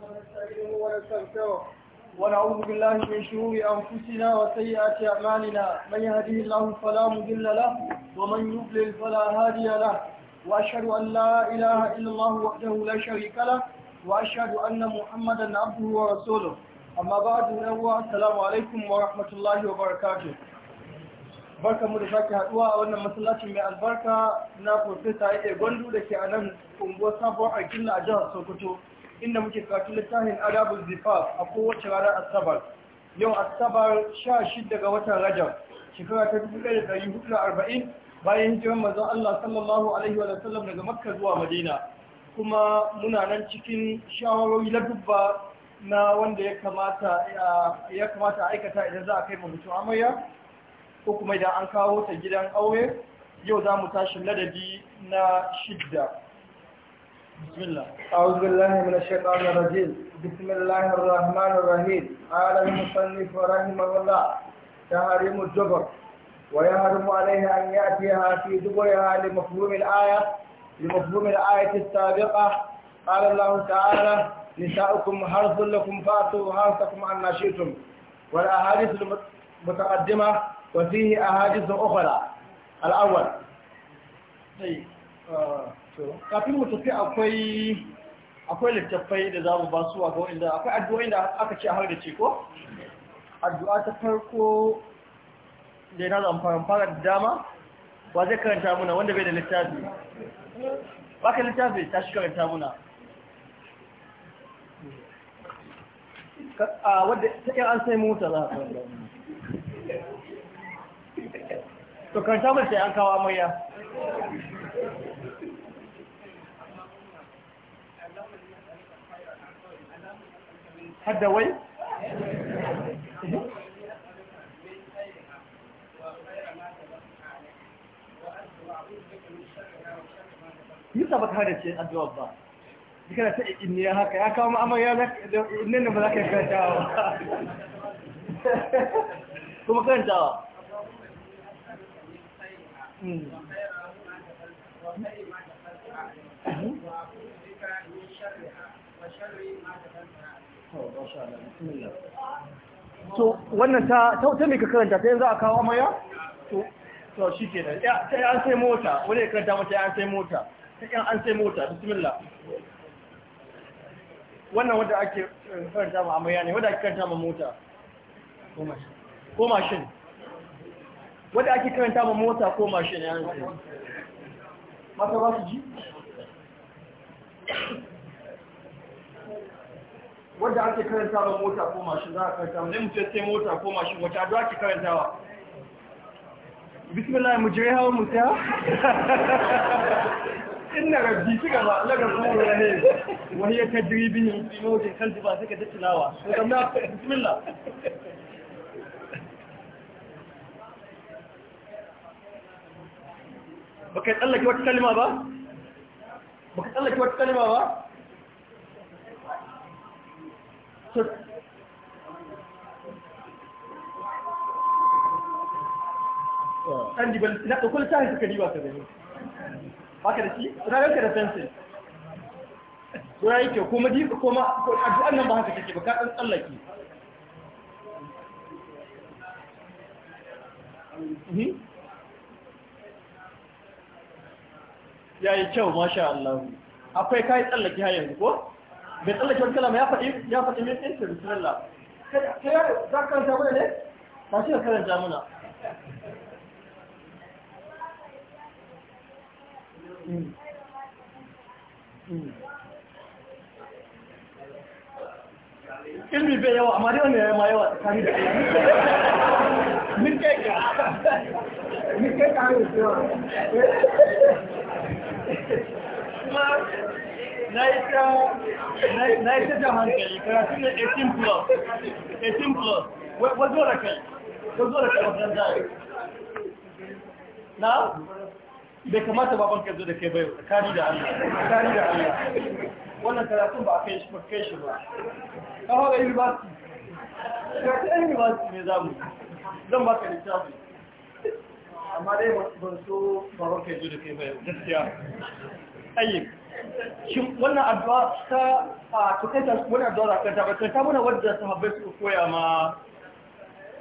ونستعينه ونستغفره ونعوذ بالله من شرور أنفسنا وسيئات أعمالنا من يهده الله فلا مضل له ومن يضلل فلا هادي له وأشهد أن لا إله إلا الله وحده لا شريك له وأشهد أن محمدا عبده ورسوله أما بعد نوى السلام عليكم ورحمة الله وبركاته barka mu da sake haduwa a wannan masallacin mai albarka na Profesa Ike Gwandu da ke a nan unguwar sabuwar Arkilla a jihar Sokoto. inda muke karatu littafin adabul zifaf a kowace ranar asabar yau asabar 16 ga watan rajab shekara ta 1440 bayan hijiran manzon Allah sallallahu alaihi wa sallam daga makka zuwa madina kuma muna nan cikin shawarwari na dubba na wanda ya kamata ya aikata idan za a kai mutum amarya ko kuma idan an kawo ta gidan aure yau za mu tashi ladabi na shidda بسم الله أعوذ بالله من الشيطان الرجيم بسم الله الرحمن الرحيم قال المصنف رحمه الله تحريم الجبر ويحرم عليها أن يأتيها في دبرها لمفهوم الآية لمفهوم الآية السابقة قال الله تعالى نساؤكم حرث لكم فأتوا حرثكم عما شئتم والأحاديث المتقدمة وفيه أحاديث أخرى الأول طيب آه. kafin mu tafi akwai akwai littattafai da za mu ba su a inda akwai addu'o'in da aka ce a har da ce ko addu'a ta farko da yana zan fara fara da dama ba zai karanta muna wanda bai da littafi ba ka littafi ta shi karanta muna a wadda ta yi an sai mota za a karanta to karanta sai an kawo amarya hadda wai yusa ba ka ce addu'a ba kana ta inni ya haka ya kawo ya ba za ka karantawa kuma karantawa hmm. Hmm. to wannan ta ta me ka karanta ta yanzu a kawo maya to to da ya sai an sai mota wani ya karanta mata an sai mota sai an sai mota bismillah wannan wanda ake eh, karanta ma amaya ne wanda ake karanta ma mota ko mashin wanda ake karanta ma mota ko mashin ya mata ba su ji wadda ake karantawa mota ko mashin za a karanta ne mutum sai mota ko mashin wata addu'a ake karantawa bismillah mu jira hawa mu ta inna rabbi suka ba Allah ga kuma rahe wahiya tadribin fi mawjin kalbi ba suka tilawa to kamna bismillah baka tsallake wata kalma ba baka tsallake wata kalma ba ɗan dibal na ɗauko littafin suka riba ka gani baka da shi na ranka da fensin gura yake ko madiba ko ma addu'an nan ba haka take ba ka ɗan tsallake mhm. ya yi kyau masha Allah akwai kayi tsallake har yanzu ko بيطلع شو الكلام يا فتيم يا فتيم انت بسم الله كيا ذاك كان جامونا ليه ماشي كان جامونا كل اللي بيجوا ماريو نه ما يوا كان من كيكا من na yi ta hankali da kai da na bai kamata baban ka zo da ke bai tsakani da Allah da wannan karatun ba a kai shi ba kai hau ba kawo ga karatun yan university ne za mu zan baka littafi amma dai ban so baban ka zo da ke bai gaskiya ayyuka shi wannan addu'a ta a tukaita wani addu'a da kanta ba kanta mana wadda sahabbai suka koya ma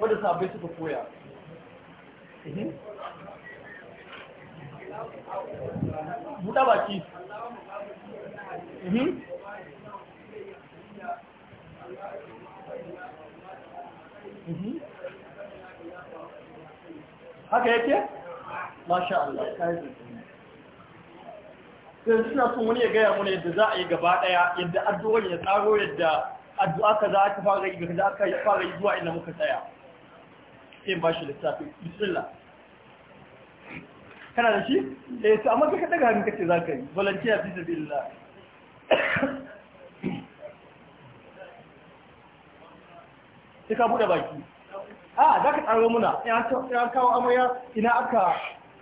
wadda sahabbai suka koya mhm. buɗa baki mhm. Mhm. haka yake? masha Allah yanzu suna son wani ya gaya mana yadda za a yi gaba daya yadda addu'ar ya tsaro yadda addu'a za ka fara yi da aka fara yi zuwa inda muka tsaya sai ba shi lissafi bismillah kana da shi eh su amma kai ka daga hannun kace ka yi volunteer fi sabilillah sai ka buɗe baki a za ka tsaro muna ya kawo amarya ina aka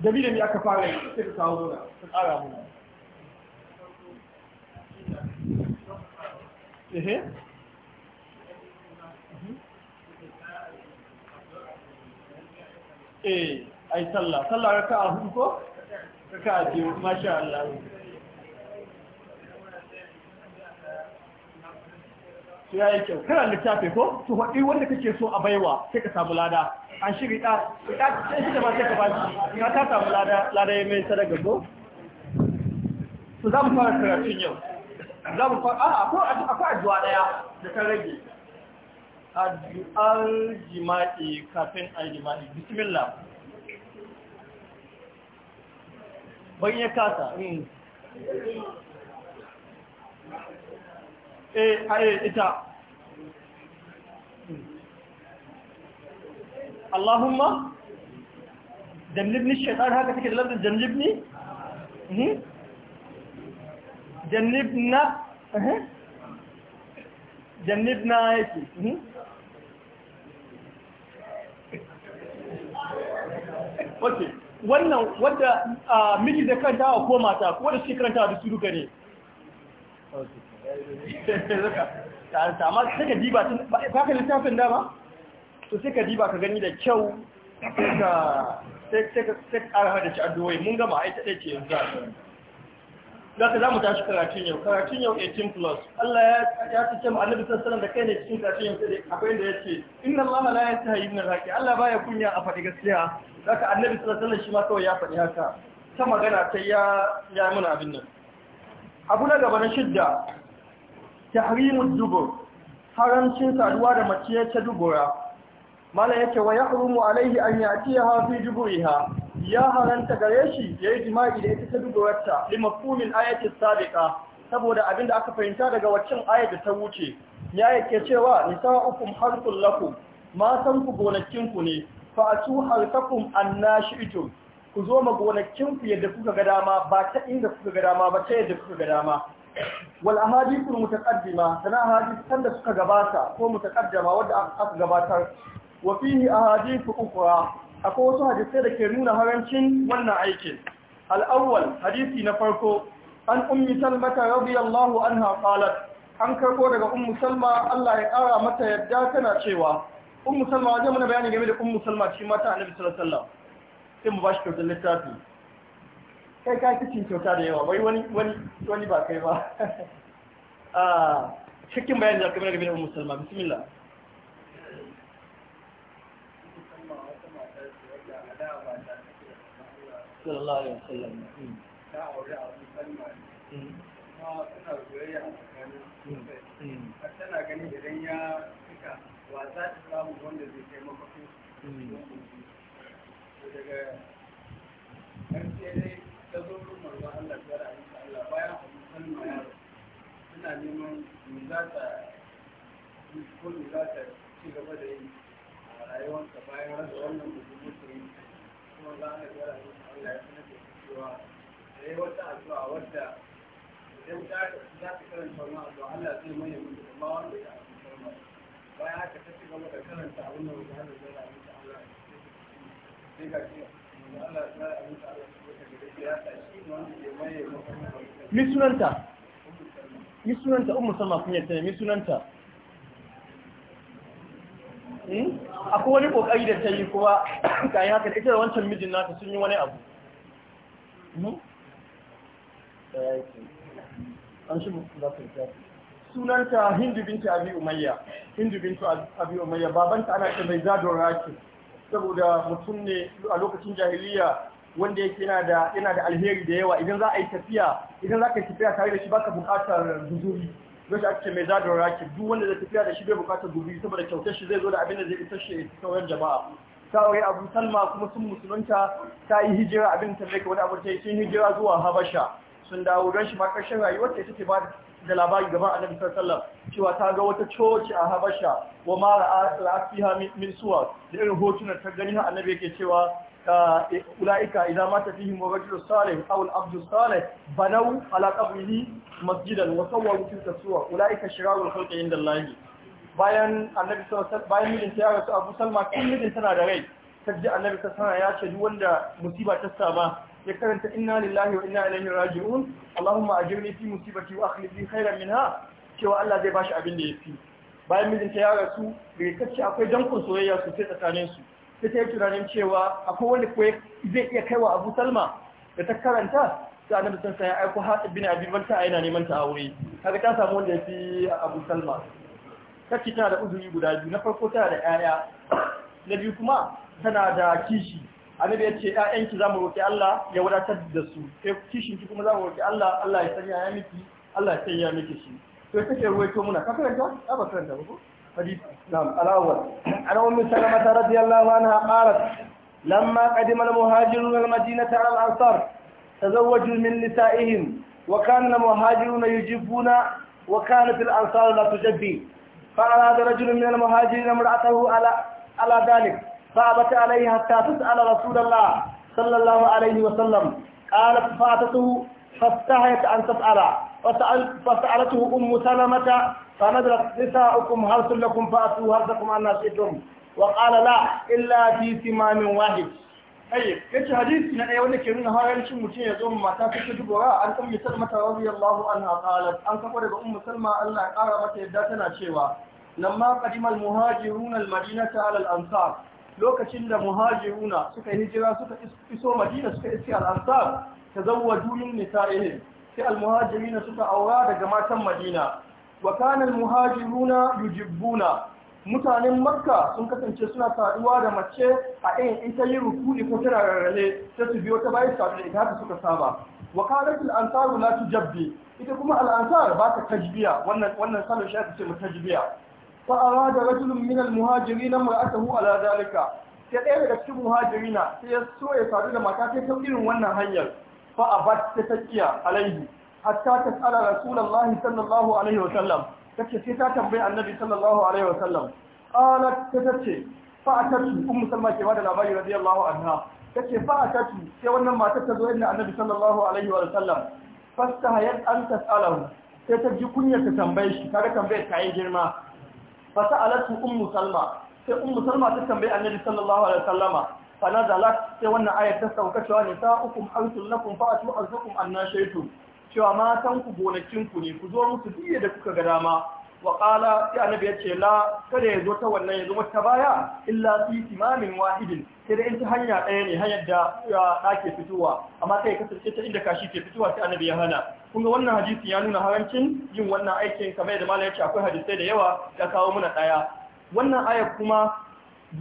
dabi da aka fara yi sai ka kawo muna ka tsara muna ehe eh ai sallah sallah raka a hudu ko raka a biyu masha Allah su ya yi kyau kana littafi ko su haɗi wanda kake so a baiwa sai ka samu lada an shi riɗa riɗa sai shi da ba sai ka bashi. shi ka ta samu lada lada ya mai sadaka ko su za mu fara karatun yau za mu fa a akwai addu'a daya da ta rage addu'ar jima'i kafin a jima'i bismillah ban ya kasa hmm. eh aye eh, ita Allahumma jannibni shaitan haka take da lafzin jannibni hmm? jannibna jannibna yake mhm. ok wannan wadda miji da kanta a ko mata ko da shi karanta da su duka ne amma sai ka diba ba ka littafin dama to sai ka diba ka gani da kyau sai ka ƙara da ci addu'o'i mun gama aita ɗaya ce yanzu Zaka za mu tashi karatun yau, karatun yau 18 plus. Allah ya ce mu annabi sassanan da kai ne cikin karatun yau sai akwai da ya ce, Inna Allah la ya ta yi na Allah baya kunya a faɗi gaskiya. Zaka annabi sassanan shi ma kawai ya faɗi haka. Ta magana ta ya ya muna abin nan. Abu na gaba na shidda, tahrimud dubur, haramcin saduwa da mace ta dubura. mala yake wa yahrumu alaihi an yatiha fi juburiha ya haranta gare shi yayi jima'i da ita ta dubuwarta limafumin ayati sabiqa saboda abinda aka fahimta daga waccan ayar da ta wuce ya yake cewa nisa'ukum harful lakum san ku gonakin ku ne fa atu harfakum annashitu ku zo ma gonakin ku yadda kuka ga dama ba ta inda kuka ga dama ba ta yadda kuka ga dama wal ahadithu mutaqaddima sana ahadith kan da suka gabata ko mutaqaddama wanda aka gabatar wa fihi ahadithu ukhra akwai wasu hadisai da ke nuna harancin wannan aikin al-awwal hadisi na farko an ummi salma radiyallahu anha qalat an karbo daga ummu salma Allah ya kara mata yadda tana cewa ummu salma wajen mana bayani game da ummu salma cikin mata annabi sallallahu alaihi wasallam sai mu bashi kyautar littafi kai ka kicin kyauta da yawa wai wani ba kai ba ah, cikin bayanin da kamar game da ummu salma bismillah sallallahu alaihi wasallam ta aure a wani kuma suna soyayya tana ganin idan ya cika wa za ta samu wanda zai daga ƙarshe dai ta zo rumar ba Allah ta Allah bayan abu yaro suna neman me za ta ci gaba da yi a rayuwarsa bayan rasa wannan mutum mutum Mi sunanta, mi sunanta, umu sama kun yadda mi sunanta. Hmm? akwai wani kokari da ta yi kuma yi haka ita da wancan mijin nata sun yi wani abu hmm? sunanta hindu binta abi umayya hindu binta abi umayya babanta ana ce mai zadon raki saboda mutum ne a lokacin jahiliya wanda yake yana da alheri da yawa idan za a yi tafiya idan za ka yi tafiya tare da shi baka bukatar zuzuri don shi ake mai zadon raki duk wanda zai tafiya da shi bai bukatar gubi saboda kyautar shi zai zo da abin da zai isar shi a sauran jama'a ta aure abu salma kuma sun musulunta ta yi hijira abin ta mai wani abin ta yi hijira zuwa habasha sun dawo don shi ma ƙarshen rayuwar ta take ba da labari gaban annabi sallallahu alaihi wasallam cewa ta ga wata coci a habasha wa ma ra'asiha min suwa da irin hotunan ta gani annabi yake cewa أولئك إذا مات فيهم الرجل الصالح أو العبد الصالح بنوا على قبره مسجدا وصوروا تلك الصور أولئك شرار الخلق عند الله bayan annabi bayan mijinta ya rasu abu salma kan mijin tana da rai kaji annabi ta sana ya ce duk wanda musiba ta saba. ya karanta inna lillahi wa inna ilaihi raji'un allahumma ajirni fi musibati wa akhlif li khairan minha cewa Allah zai bashi abin da yafi bayan mijinta ya rasu da kace akwai dankon soyayya sosai tsakanin su sai ta yi tunanin cewa akwai wani kuwa zai iya kaiwa abu salma da ta karanta ta a nan ya aiko haɗa, bin abin manta a yana neman ta aure kaga ta samu wanda ya fi abu salma kacce tana da uzuri guda biyu na farko tana da 'ya'ya na biyu kuma tana da kishi annabi ya ce ‘ya'yanki za mu roƙi Allah ya wadatar da su sai kishinki kuma za mu roƙi Allah Allah ya sanya ya miki Allah ya sanya miki shi to ya kake ruwaito muna ka karanta ba karanta ba ko حديث نعم الأول عن أم سلمة رضي الله عنها قالت لما قدم المهاجرون المدينة على الأنصار تزوجوا من نسائهم وكان المهاجرون يجبون وكانت الأنصار لا تجبي هذا رجل من المهاجرين امرأته على على ذلك فأبت عليه حتى تسأل رسول الله صلى الله عليه وسلم قالت فأتته فاستحيت أن تسأل فسألته أم سلمة فنظرت نساؤكم هرس لكم فأتوا هرسكم أن شئتم وقال لا إلا في ثمام واحد طيب كيف حديث من أي ولك من هاي الشيء متين يزوم ما تاكل جبراء عن أم سلمة رضي الله عنها قالت أن تقول أم سلمة أن أعرفت يداتنا شيئا لما قدم المهاجرون المدينة على الأنصار lokacin da muhajiruna suka hijira suka iso madina suka iske al'ansar ta zauwa juyin nisa'ihim sai al-muhajirina suka aura daga matan madina wa muhajiruna almuhajiruna yujibbuna mutanen makka sun kasance suna saduwa da mace a ɗayan in ta yi rukuni ko tana rarrahe ta su biyo ta bayan saduwa ita haka suka saba wa kanat al-ansaru la ita kuma al'ansar ba ta tajbiya wannan wannan salon shi ake ce tajbiya fa arada rajulun min al-muhajirin mar'atahu ala dalika sai ɗaya daga cikin muhajirina sai ya so ya sadu da mata ta irin wannan hanyar fa abat ta takiya alaihi hatta ta tsara rasulullahi sallallahu alaihi wa sallam tace sai ta tambayi annabi sallallahu alaihi wa sallam qalat ta tace fa atatu ummu salma ke bada labari radiyallahu anha tace fa atatu sai wannan matar ta zo inda annabi sallallahu alaihi wa sallam fastahayat an tas'alahu sai ta ji kunyar ta tambaye shi kaga tambayar ta yi girma fa sa'alatu ummu salma sai ummu salma ta tambayi annabi sallallahu alaihi wa sallam. fa nazalat sai wannan ayat ta sauka cewa nisa'ukum harsul lakum fa atu arzukum annashaytum cewa matan ku gonakin ku ne ku zo musu duk da kuka ga dama wa qala ya annabi ya ce la kada ya zo ta wannan ya zo ta baya illa fi imamin wahidin sai da in ta hanya ɗaya ne hanyar da ɗake fitowa amma sai kasance ta inda kashi ke fitowa sai annabi ya hana kun ga wannan hadisi ya nuna harancin yin wannan aikin kamar da malam ya ce akwai hadisai da yawa ya kawo muna ɗaya wannan ayar kuma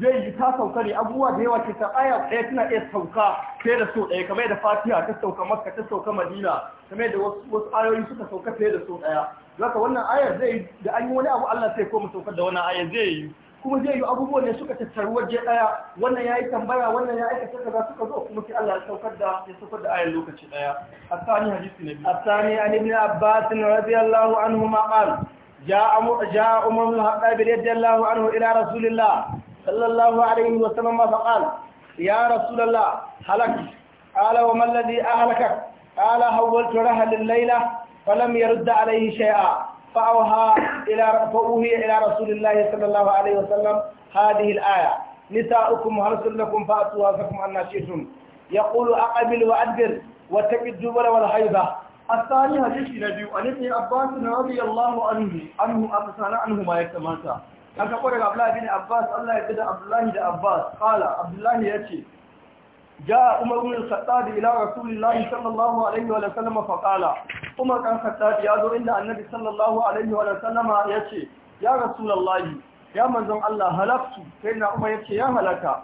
zai yi ta sauka ne abubuwa da yawa ke ta aya ɗaya tana iya sauka fiye da so ɗaya kamar da fatiha ta sauka makka ta sauka madina kamar da wasu ayoyi suka sauka fiye da so ɗaya zaka wannan ayar zai da an yi wani abu Allah sai koma saukar da wannan ayar zai yi kuma zai yi abubuwan ne suka tattaru waje ɗaya wannan ya yi tambaya wannan ya aikata kaza suka zo kuma sai Allah ya saukar da ya saukar da ayar lokaci ɗaya asani hadisi ne asani an ibn abbas radiyallahu anhu ma qala جاء عمر بن الخطاب رضي الله عنه الى رسول صلى الله عليه وسلم فقال يا رسول الله هلك قال وما الذي أهلكك قال هولت لها الليلة فلم يرد عليه شيئا فأوها إلى فأوهي إلى رسول الله صلى الله عليه وسلم هذه الآية نساؤكم هرس لكم فأتوا لكم أن شئتم يقول أقبل وأدبر واتق الدبر والحيضة الثاني حديث نبي عن ابن عباس رضي الله عنه أنه أرسل عنه ما يتماسى an kako daga abdullahi bin abbas allah ya da abdullahi da abbas kala abdullahi ya ce ja umar bin al-khattab ila rasulillahi sallallahu alaihi wa sallam fa kala umar kan khattab ya zo inda annabi sallallahu alaihi wa sallam ya ce ya rasulullahi ya manzon allah halaktu sai na umar ya ce ya halaka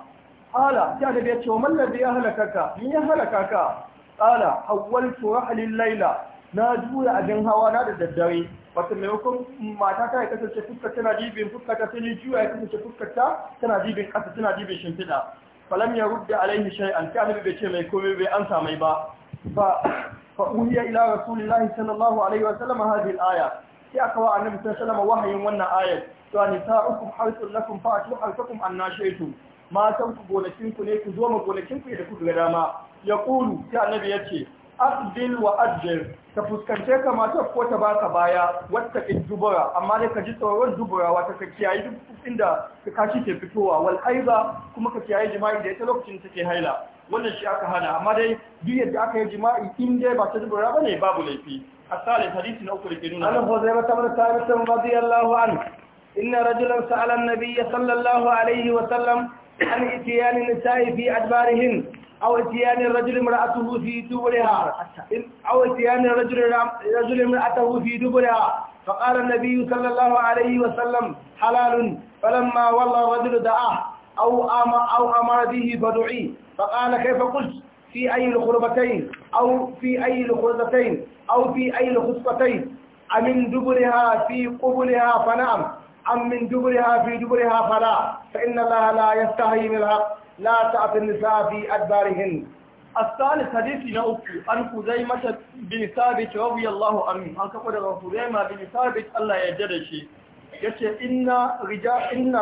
kala ya da ya ce wa man ladhi ya ka?" ni ya halakaka kala hawwaltu rahli laila na juya jin hawa na da daddare wata maimakon mata ta ya kasance fuska tana dibin fuska ta sai juya ya kasance fuska ta tana dibin ƙasa tana dibin shimfiɗa falam ya rudda alaihi shari'a, ta annabi bai ce mai komai bai ansa mai ba fa fa uhiya ila rasulillahi sallallahu alaihi wa sallam hadhihi al-aya sai aka wa annabi sallallahu alaihi wa wahayin wannan ayat to nisa'ukum harsun lakum fa'tu harsakum annashaytum matan ku gonakin ku ne ku zo ma gonakin ku da ku ga dama yaqulu sai annabi yace aqbil wa ajir ta fuskance ka mata ko ta baka baya wata in dubura amma dai ka ji tsoron dubura wata ka kiyaye duk inda ka kashi ke fitowa wal kuma ka kiyaye jima'i da ita lokacin take haila wannan shi aka hana amma dai duk yadda aka yi jima'i in dai ba ta dubura ne babu laifi الثالث حديث أخر كنون عن خزيمة بن ta رضي الله عنه إن رجلا an النبي صلى الله عليه وسلم عن إتيان النساء في أدبارهن أو اتيان الرجل امرأته في دبرها أو اتيان الرجل رجل امرأته في دبرها فقال النبي صلى الله عليه وسلم حلال فلما والله الرجل دعاه أو أمر, أو أمر به فدعي فقال كيف قلت في أي الخربتين أو في أي الخربتين أو في أي الخصبتين أمن دبرها في قبلها فنعم أم من دبرها في دبرها فلا فإن الله لا يستحي من الحق لا تأتي النساء في أدبارهن الثالث حديث نوفي عن خزيمة بن ثابت رضي الله عنه عن كفر خزيمة بن ثابت الله يجدشي yace inna rija inna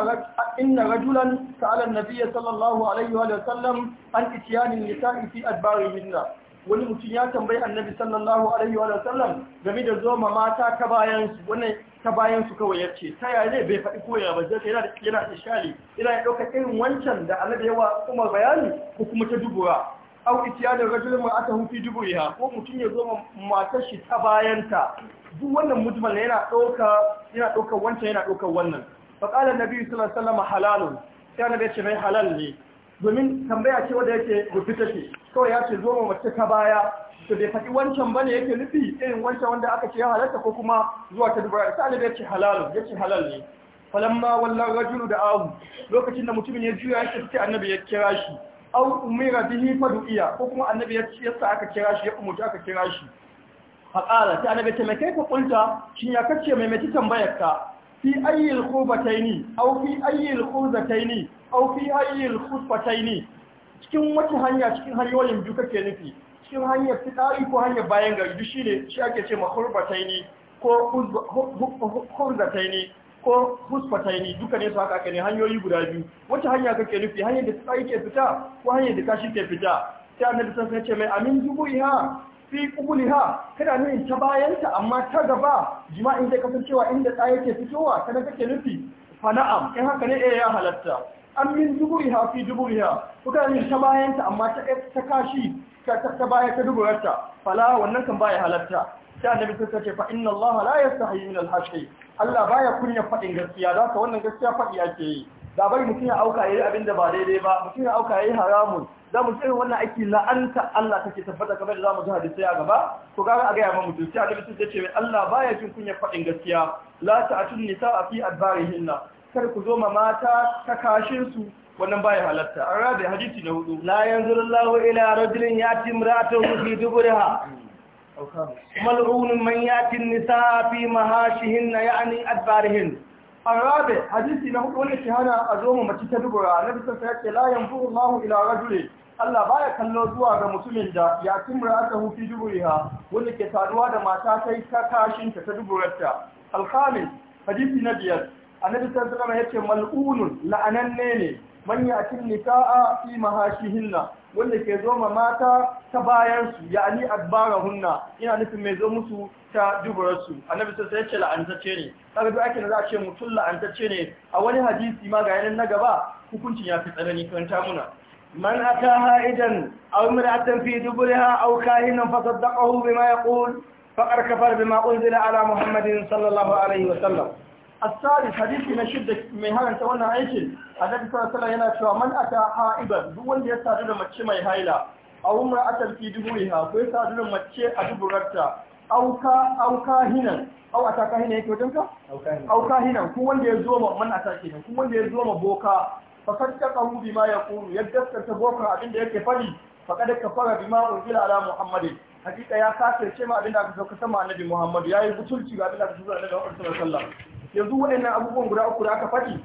inna rajulan sa'ala an-nabiy sallallahu alaihi wa sallam an ityani nisa'i fi adbarihinna wani mutum ya tambayi annabi sallallahu alaihi wa sallam game da zoma mata ta bayan su wani ta bayan su kawai yace ta yaya zai bai faɗi koya ba zai yana yana ishali yana ya dauka irin wancan da annabi yawa kuma bayani ko kuma ta dubura aw itiyadar rajul ma ata hufi dubriha ko mutum ya zoma matar shi ta bayanta duk wannan mutumin yana dauka yana dauka wancan yana dauka wannan fa qala annabi sallallahu alaihi wa sallam halalun sai annabi ya ce mai halal ne domin tambaya ce wadda yake rufi take kawai ya ce zoma ma mace ta baya to bai faɗi wancan ba ne yake nufi irin wancan wanda aka ce ya halatta ko kuma zuwa ta dubara ta alibi ya ce halal ya ce halal ne ma wallan rajulu da ahu lokacin da mutumin ya juya yake fice annabi ya kira shi au umira bihi fadu'iya ko kuma annabi ya ce yasa aka kira shi ya umuta aka kira shi faƙala ta annabi ta mai kai ka kunta shin ya kace mai mai tambayar ka fi ayyil khubataini aw fi ayyil khuzataini aw fi ayyil cikin wata hanya cikin hanyoyin biyu kake nufi cikin hanyar fitari ko hanyar bayan gari duk shine shi ake ce ma ko khuzataini ko husfataini duka ne su haka ake hanyoyi guda biyu wata hanya kake nufi hanyar da fitsari ke fita ko hanyar da kashi ke fita sai annabi sun ce mai amin dubu fi ha kana nuna ta bayanta amma ta gaba jima'in zai kasancewa inda tsaye ke fitowa kana kake nufi fana'am in haka ne eh ya halatta an min ha fi duburiha kuka nuna ta bayanta amma ta ta kashi ta baya ta duburarta fala wannan kan baya halatta ta annabi sai ce fa inna Allah la yastahi min al Allah baya kunya fadin gaskiya Za ka wannan gaskiya fadi ake yi da bai mutum ya auka yayi abin da ba daidai ba mutum ya auka yayi haramun za mu irin wannan aiki la'anta Allah take tabbata kamar da za mu ji hadisi a gaba to ga a gaya ma mutum sai annabi sun ce Allah baya jin kunya faɗin gaskiya la ta'tun nisa fi adbarihinna kar ku zo mata ta kashin su wannan baya halatta an rabe hadisi na hudu la yanzurullahu ila rajulin yatim ra'atuhu fi duburiha mal'unun man yatin nisa fi mahashihinna ya'ni adbarihinna arabe hadisi na hudu wani hana a zo mu mace ta dubura na bisa sa yake la yanzu Allahu ila rajulin Allah baya kallo zuwa ga mutumin da ya timra aka hufi duburiha wanda ke taruwa da mata sai ta kashin ta ta duburarta alkhamis hadisi na biyar annabi sallallahu alaihi wasallam yace mal'unun la'ananne ne man yatin nika'a fi hinna, wanda ke zo ma mata ta bayan su ya'ani hunna ina nufin mai zo musu ta duburarsu annabi sai ya ce la'antacce ne kaga duk aikin da za a ce mutum la'antacce ne a wani hadisi ma ga yanin na gaba hukuncin ya fi tsanani kan ta muna من أتاها إذن أو امرأة في دبرها أو كاهنا فصدقه بما يقول فقد كفر بما أنزل على محمد صلى الله عليه وسلم الثالث حديث من شدة من هذا أنت وانا عيش النبي صلى الله عليه وسلم ينافع من أتى حائبا دون يستعدد مكشمة هايلا أو امرأة في دبرها ويستعدد مكشمة أدبرتها au kahinan au a takahinan yake wajenka? au kahinan kun wanda ya zo ma man a takinan kun wanda ya zo ma boka kawo bi ma ya gaskata bokan abin da yake fadi fara kafara ma unzila ala muhammadin hakika ya kace ce ma abin da aka sauka sama annabi muhammadu yayi butulci ga abin da aka sauka annabi sallallahu alaihi wasallam yanzu waɗannan abubuwan guda uku da aka fadi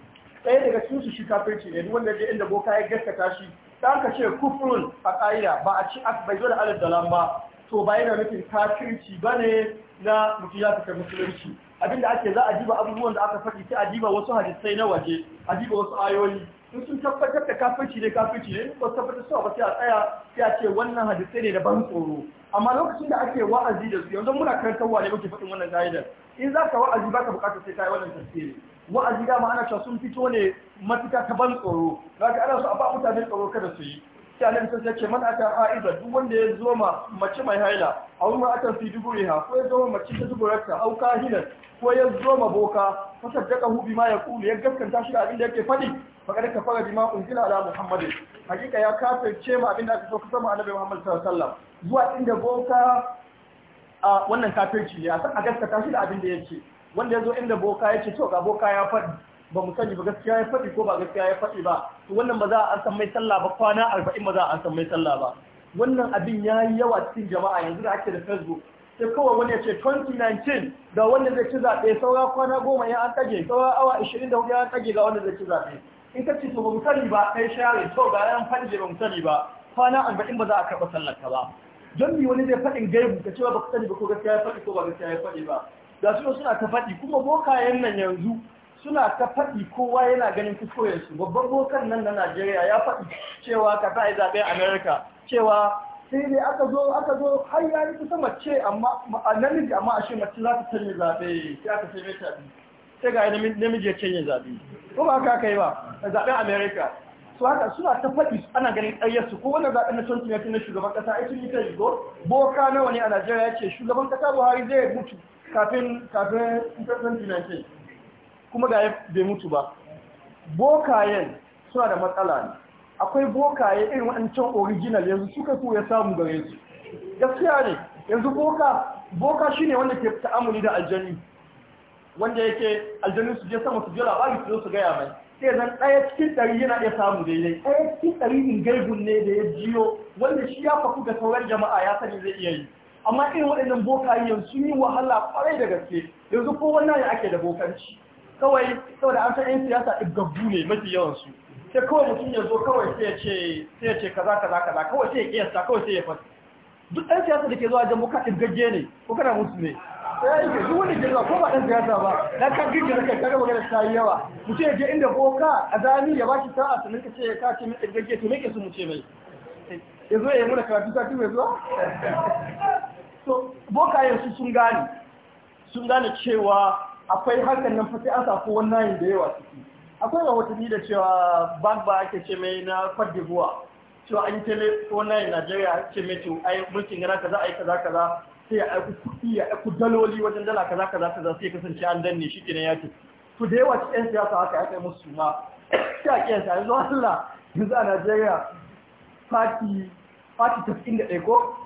ɗaya daga cikin su shi kafirci ne duk wanda ya inda boka ya gaskata shi dan ka ce kufrun a qaida ba a ci bai zo da alif ba. to ba yana nufin kafirci bane na mutum ya fita musulunci abinda ake za a jiba abubuwan da aka faɗi sai a jiba wasu hadisai na waje a jiba wasu ayoyi in sun tabbatar da kafirci ne kafirci ne ko tabbatar su ba sai a tsaya sai ce wannan hadisai ne da ban tsoro amma lokacin da ake wa'azi da su yanzu muna karantarwa ne muke faɗin wannan ka'idar in za ka wa'azi ba ka buƙatar sai ka yi wannan tafsiri wa'azi dama ana cewa sun fito ne matuƙa ta ban tsoro za ka ana so a ba mutane tsoro kada su yi sai annabi sai ya ce man aka ha'iza duk wanda ya zo ma mace mai haila a wurin aka fi ha ko ya zo ma mace ta duburarta auka kahinan ko ya zo ma boka hubi ma ya ma ya gaskanta shi a inda yake faɗi faqad kafara bima unzila ala muhammadin hakika ya kafirce ma abinda aka sauka sama annabi muhammad sallallahu alaihi wasallam zuwa inda boka a wannan kafirci ne a gaskata tashi da abin da yake wanda ya zo inda boka ya ce to ga boka ya faɗi ba mu sani ba gaskiya ya faɗi ko ba gaskiya ya faɗi ba to wannan ba za a san mai sallah ba kwana arba'in ba za a san mai sallah ba wannan abin ya yi yawa cikin jama'a yanzu da ake da facebook sai kawai wani ya ce 2019 ga wanda zai ci zaɓe saura kwana goma ya an tage saura awa 24 ya an tage ga wanda zai ci zaɓe in ka ce to ba mu sani ba kai share to ga faɗi fanje ba mu ba kwana arba'in ba za a karɓa sallar ka ba don mi wani zai faɗin gaibu ka cewa ba ka sani ba ko gaskiya ya faɗi ko ba gaskiya ya faɗi ba ga su suna ta faɗi kuma bokayen nan yanzu suna ta faɗi kowa yana ganin kuskurensu babban bokan nan na najeriya ya faɗi cewa ka sa zaɓe amerika cewa sai dai aka zo aka zo har ya yi kusa mace amma namiji amma a mace za ta canye zaɓe sai aka sai mai tafi sai ga namiji ya canye zaɓe ko ba haka aka yi ba zaben america su haka suna ta faɗi ana ganin ƙaryarsu ko wanda zaɓen na 2019 na shugaban ƙasa ai sun yi ta shigo boka nawa ne a najeriya ya ce shugaban ƙasa buhari zai mutu kafin kafin 2019 kuma ga bai mutu ba bokayen suna da matsala ne akwai bokaye irin wancan original yanzu suka so ya samu gare su gaskiya ne yanzu boka boka shine wanda ke ta'amuli da aljani wanda yake aljanu su je sama su je labari su zo su gaya mai sai zan ɗaya cikin ɗari yana iya samu daidai ɗaya cikin ɗari in gaibun ne da ya jiyo wanda shi ya faku ga sauran jama'a ya sani zai iya yi amma irin waɗannan bokaye yanzu yi wahala ƙwarai da gaske yanzu ko wannan ya ake da bokanci kawai saboda an san 'yan siyasa ɗigaggu ne mafi yawansu sai kawai mutum ya zo kawai sai ya ce kaza kaza kaza kawai sai ya kiyasta kawai sai ya fasa duk ɗan siyasa da ke zuwa jan ɗin ɗiggagge ne ko kana mutu ne duk wanda ke ko ba dan siyasa ba na kan gidi na kai kaga magana ta yi yawa mu ce je inda ko boka azami ya baki sa'a sannan ka ce ka ce mai dage to me ke su mu ce mai ya zo ya yi muna karatu sati mai zuwa to bokayen su sun gane sun gane cewa akwai hakan nan fa sai an sako wannan da yawa ciki akwai rahotanni da cewa bagba ake ce mai na Cote d'Ivoire cewa an yi tele ko na Najeriya ce mai to ai mulkin gara kaza ai kaza kaza sai ya kuɗi ya aiku daloli wajen dala kaza kaza kaza sai kasance an danne shi kenan ya ce to da yawa cikin siyasa haka ya kai musu ma sai a kiyansa yanzu Allah yanzu a Najeriya fati fati tafkin da ɗaya ko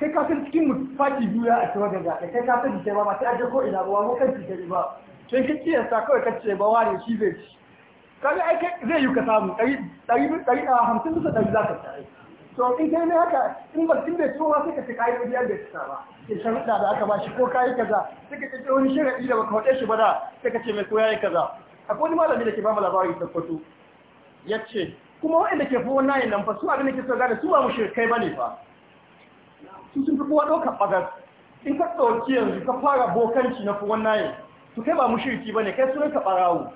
kai ka san cikin fati biyu ya a cewa da zaɓe kai ka san ba ba sai a je ko ina ba ko kan ci ba sai ka kiyansa kawai ka ce ba wani shi zai ci kaga ai zai yi ka samu ɗari ɗari ɗari hamsin ɗari za ka ci to in kai ne haka in ba tun bai tsowa sai ka ce kayi biyar da cika ba ke sharuɗa da aka bashi ko kayi kaza sai ka ce wani sharaɗi da baka faɗe shi ba da sai ka ce mai koya yi kaza akwai wani malami da ke ba mu labari da kwato ya ce kuma waɗanda ke fi wannan nan fa su abin da ke so gane su ba mu shirkai ba ne fa su sun fi kowa ɗaukar ɓagar in ka ɗauki yanzu ka fara bokanci na fi wannan to kai ba mushriki ne kai sunan ka barawo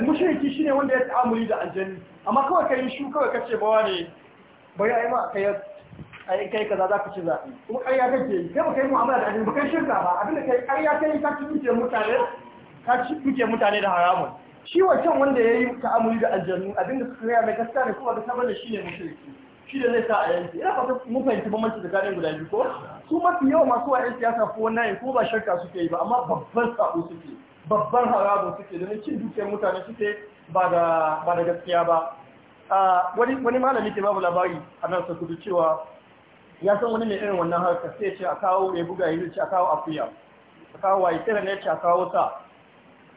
mushriki shine wanda ya ta'amuli da aljanni amma kawai kai shu kawai kace bawa ne bari a yi ma a ai kai kaza za ka ci zaɓe kuma ƙarya kake yi kai ba kai mu'amala da abin ba kai shirka ba abin da kai ƙarya kai ka ci duke mutane ka ci duke mutane da haramun shi wancan wanda ya yi ta'amuli da aljannu abin da suka gaya mai gaskiya ne kuma da sabar da shi ne mushriki shi da zai sa a yanki ina fata mun fahimci bambanci tsakanin guda biyu ko su mafi yawa masu wa'yan siyasa ko wannan ko ba shirka suke yi ba amma babban sabo suke babban haramun suke domin cin dukiyar mutane suke ba da gaskiya ba wani malami ke babu labari a nan su kudu cewa ya san wani mai irin wannan harka sai ce a kawo ya buga ya ce a kawo akuya a kawo waye tsira ne ce a kawo sa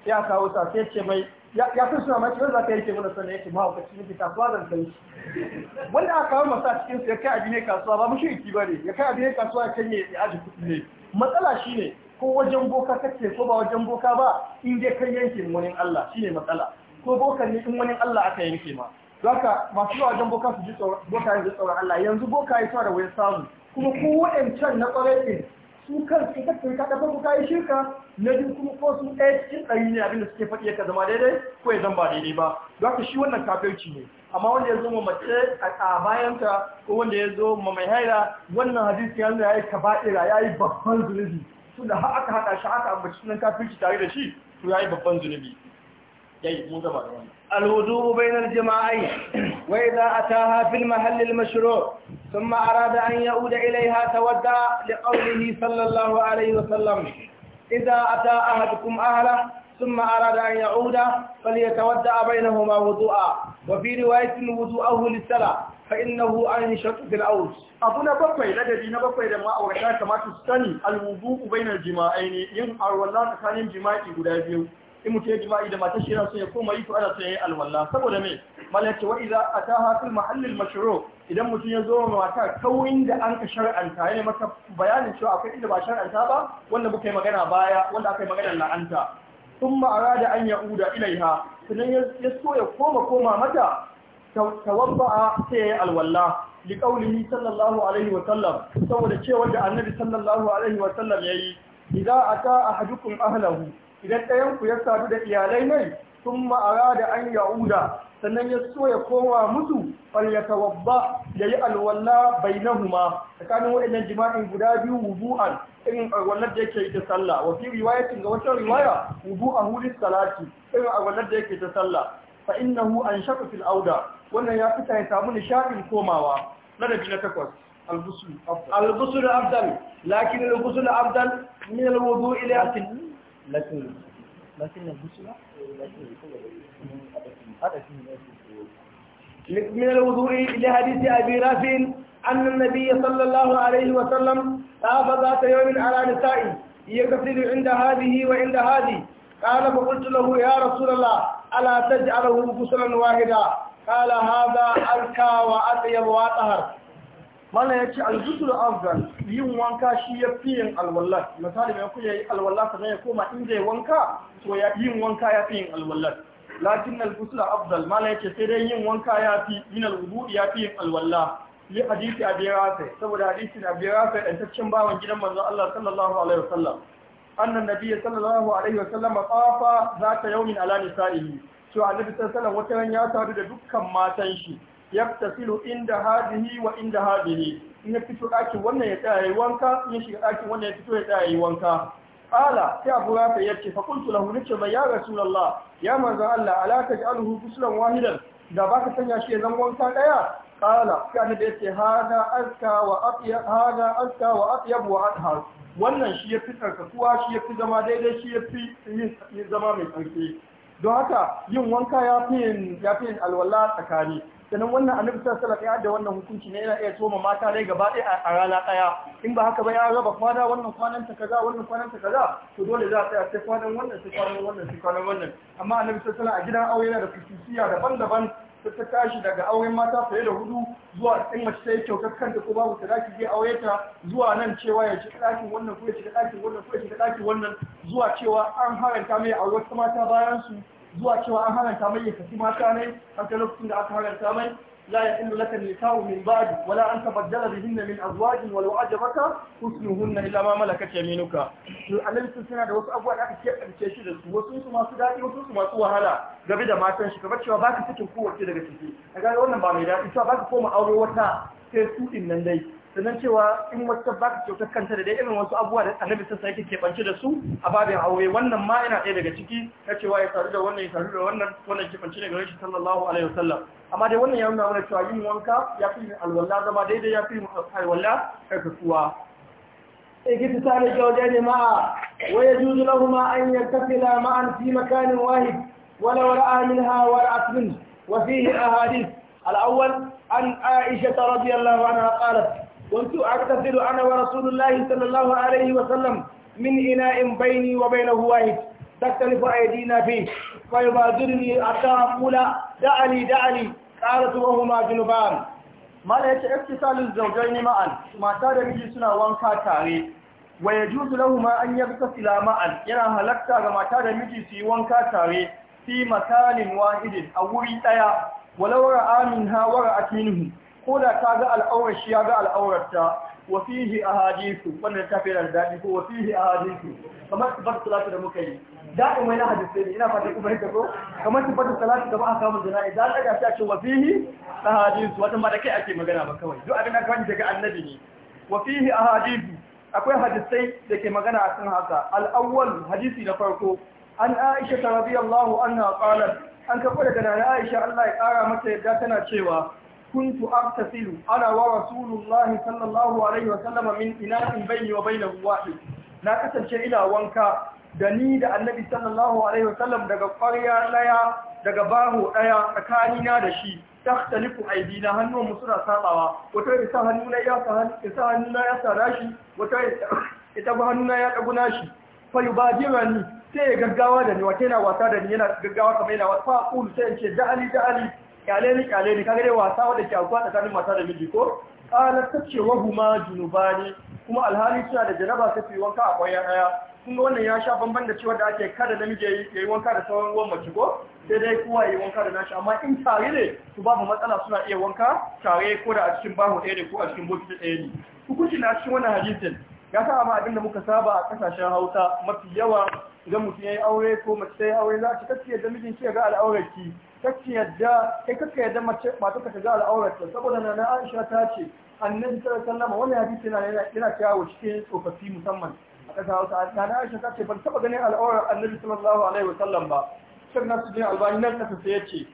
sai a kawo sa sai ce mai ya fi suna mace wanda ka yi ke mana sannan ya ce mahaukaci cikin ke kasuwa zan san shi wanda aka kawo masa cikin su ya kai abin kasuwa ba mushi ba ne ya kai abin kasuwa ya canye ya aji kuɗi ne matsala shi ne ko wajen boka kake ko ba wajen boka ba in dai kan yankin wani Allah shi ne matsala ko bokan ne in wani Allah aka yanke ma zaka masu zuwa wajen boka su ji tsoron Allah yanzu boka yi da wani samu kuma ko waɗancan na tsoron ɗin su kan su tafi kaɗa boka yi shirka na biyu kuma ko su ɗaya cikin ɗari ne abinda suke faɗi ya zama daidai ko ya zama ba daidai ba zaka shi wannan kafirci ne amma wanda ya zo ma mace a bayanta ko wanda ya zo ma mai haira wannan hadisi ya ya yi kaba'ira ya yi babban zunubi tunda har aka haɗa shi aka ambaci sunan kafirci tare da shi to ya yi babban zunubi الوضوء بين الجماعين وإذا أتاها في المحل المشروع ثم أراد أن يعود إليها تودع لقوله صلى الله عليه وسلم إذا أتى أحدكم أهله ثم أراد أن يعود فليتودع بينهما وضوءا وفي رواية وضوءه للصلاة فإنه أنشط في الأوس أبونا بقي لدي نبقي لما أورشاك ما تستني الوضوء بين الجماعين ين أرولا تخانين جماعي قدابيو in mutum ya jima'i da matashi yana so ya koma yi to ana so ya yi alwala saboda me malaka wa idza ataha fil mahallil mashru idan mutum ya zo ma mata kawin da an ka shar'anta yana maka bayanin cewa akwai inda ba shar'anta ba wanda muka yi magana baya wanda aka yi magana la'anta thumma arada an ya'uda ilaiha sannan ya so ya koma koma mata tawabba'a sai ya yi alwala liƙaunihi sallallahu alaihi sallam. saboda cewar da annabi sallallahu alaihi wasallam ya yi idan aka ahadukum ahlahu idan ɗayan ku ya sadu da iyalai mai, sun ma'ara da an ya'uda sannan ya so ya koma musu falyatawabba ya yi bai na huma. tsakanin waɗannan jima'in guda biyu wudu'an irin alwalar da yake ta sallah wa fi riwayatin ga wata riwaya wudu'an hulis salati irin alwalar da yake ta sallah fa innahu an shaka fil auda wannan ya fita ya samu nishaɗin komawa Na ladabi na takwas al-ghusl afdal lakin al-ghusl afdal min al-wudu'i lakin lafin lafin na gushi ba? lafin kuma da lafin kuma da lafin hadisi abi rafin an nabiy sallallahu alaihi ta yawin ala nisa'i iya kasiru inda hadi wa inda hadi قال فقلت له يا رسول الله ألا تجعله غسلا واحدا قال هذا أزكى وأطيب وأطهر malam ya ce aljusul afgan yin wanka shi ya fi yin alwallat misali mai ya yi alwallat sannan ya koma in zai wanka to ya yin wanka ya fi yin alwallat lakin aljusul afdal malam ya ce sai dai yin wanka ya fi min alwudu ya fi yin alwalla li hadisi abi rafi saboda hadisi abi rafi dantaccen bawan gidan manzon Allah sallallahu alaihi wasallam annan nabi sallallahu alaihi wasallam za ta yawmin ala nisa'ihi to annabi sallallahu alaihi wasallam wata ran ya sadu da dukkan matan shi yaktasilu inda hadihi wa inda hadihi in ya fito ɗakin wannan ya tsaya yi wanka in ya shiga ɗakin wannan ya fito ya tsaya yi wanka qala sai abu rafa yace fa qultu lahu nace ba ya rasulullah ya manzo Allah ala taj'aluhu ghuslan wahidan da baka sanya shi zan wanka daya qala sai annabi yace hada azka wa atyab hada azka wa atyab wa athhar wannan shi ya yafi tsarkakuwa shi ya fi zama daidai shi yafi yin zama mai tsarki don haka yin wanka ya fi yin alwala tsakani sannan wannan annabi sallallahu alaihi wasallam ya da wannan hukunci ne yana iya toma mata dai gaba ɗaya a rana ɗaya in ba haka ba ya raba kwana wannan kwanan ta kaza wannan kwanan ta kaza to dole za a tsaya sai kwanan wannan sai kwanan wannan sai kwanan wannan amma annabi sallallahu alaihi a gidan aure yana da kususiya daban-daban ta tashi daga auren mata fiye da hudu zuwa in mace ta yi kyautar kanta ko babu ta daki zai aure ta zuwa nan cewa ya shiga ɗakin wannan ko ya shiga ɗakin wannan ko ya shiga ɗakin wannan zuwa cewa an haranta mai aure ta mata bayan su zuwa cewa an haranta mai yasafi mata ne har ta lokacin da aka haranta mai la ya illu laka nisa'u min ba'di wa la an tabaddala bihin min azwajin wa law ajabaka husnuhunna illa ma malakat yaminuka to annabi sun sanar da wasu abubuwa da aka kebance shi da su wasu su masu dadi wasu su wahala gabe da matan shi kamar cewa baka cikin kowace daga ciki a ga wannan ba mai dadi cewa baka koma aure wata sai su din nan dai sannan cewa in wata baka kyautar kanta da dai irin wasu abubuwa da annabi sun yake keɓance da su a babin aure wannan ma yana ɗaya daga ciki na cewa ya sadu da wannan ya sadu da wannan wannan keɓance daga rashin sallallahu alaihi wasallam amma dai wannan ya nuna mana cewa yin wanka ya fi yin alwala zama daidai ya fi yin alwala ne karkasuwa اكتسال الزوجين معا ويجوز لهما أن يتصلا معا في مكان واحد ولو رأى منها ورأت منه وفيه أحاديث الأول عن عائشة ta الله عنها قالت كنت أغتسل أنا ورسول الله صلى الله عليه وسلم من إناء بيني وبينه واحد تختلف أيدينا فيه فيبادرني حتى أقول دعني دعني قالت وهما جنبان mala yace iftisalul zawjayn ma'an mata da miji suna wanka tare wa yajuzu lahumma an yabtasila ma'an yana halarta ga mata da miji su yi wanka tare fi makanin wahidin a wuri ɗaya! walau ra'a minha wa ko da ka ga al'aurar shi ya ga al'aurarta wa fihi ahadithu wannan ta fara dadi ko wa fihi ahadithu kamar sifatu salatu da muka yi da'in wani hadisi ne ina fata kuma ta ko kamar sifatu salatu da ba a samu jana'i da ka ga ce wa fihi ahadithu wannan ba da kai ake magana ba kawai duk abin da ka daga annabi ne wa fihi ahadithu akwai hadisai da ke magana akan haka al-awwal hadisi na farko an Aisha radiyallahu anha qalat an kafa daga Aisha Allah ya kara mata yadda tana cewa كنت أغتسل أنا ورسول الله صلى الله عليه وسلم من إناء بيني وبينه واحد na kasance ina wanka da ni da annabi sallallahu alaihi wasallam daga ƙwarya ɗaya daga baho ɗaya tsakanina da shi takhtalifu aidina hannun mu suna sabawa wata ya sa hannuna ya sa hannu ya sa hannuna ya ta ba sai ya gaggawa da ni wata yana wasa da ni yana gaggawa kamar yana wasa qul sai ya ce da'ali da'ali kyale ni kyale ni dai wasa wadda ke aguwa tsakanin mata da miji ko qalat tace wa huma junubani kuma alhali suna da janaba ta fi wanka a kwaya daya kun ga wannan ya sha bamban da cewa da ake kada namiji yi wanka da sauran ruwan mace ko sai dai kowa yi wanka da nashi amma in tare ne su babu matsala suna iya wanka tare ko da a cikin baho ɗaya ne ko a cikin bokiti ɗaya ne hukunci na cikin wannan hadisin ya sa ma abinda muka saba a kasashen Hausa mafi yawa idan mutum ya yi aure ko mace ta yi aure za ki kake yadda mijin ki ya ga al'aurar ki kake yadda kai kake yadda mace mata ka ga al'aurar ta saboda na Aisha ta ce annabi sallallahu alaihi wasallam wannan hadisi yana yana kawo cikin tsofaffi musamman a kasa Hausa nana Aisha ta ce ban taba ganin al'aurar annabi sallallahu alaihi wasallam ba Sheikh Nasruddin Albani nan kasa sai ya ce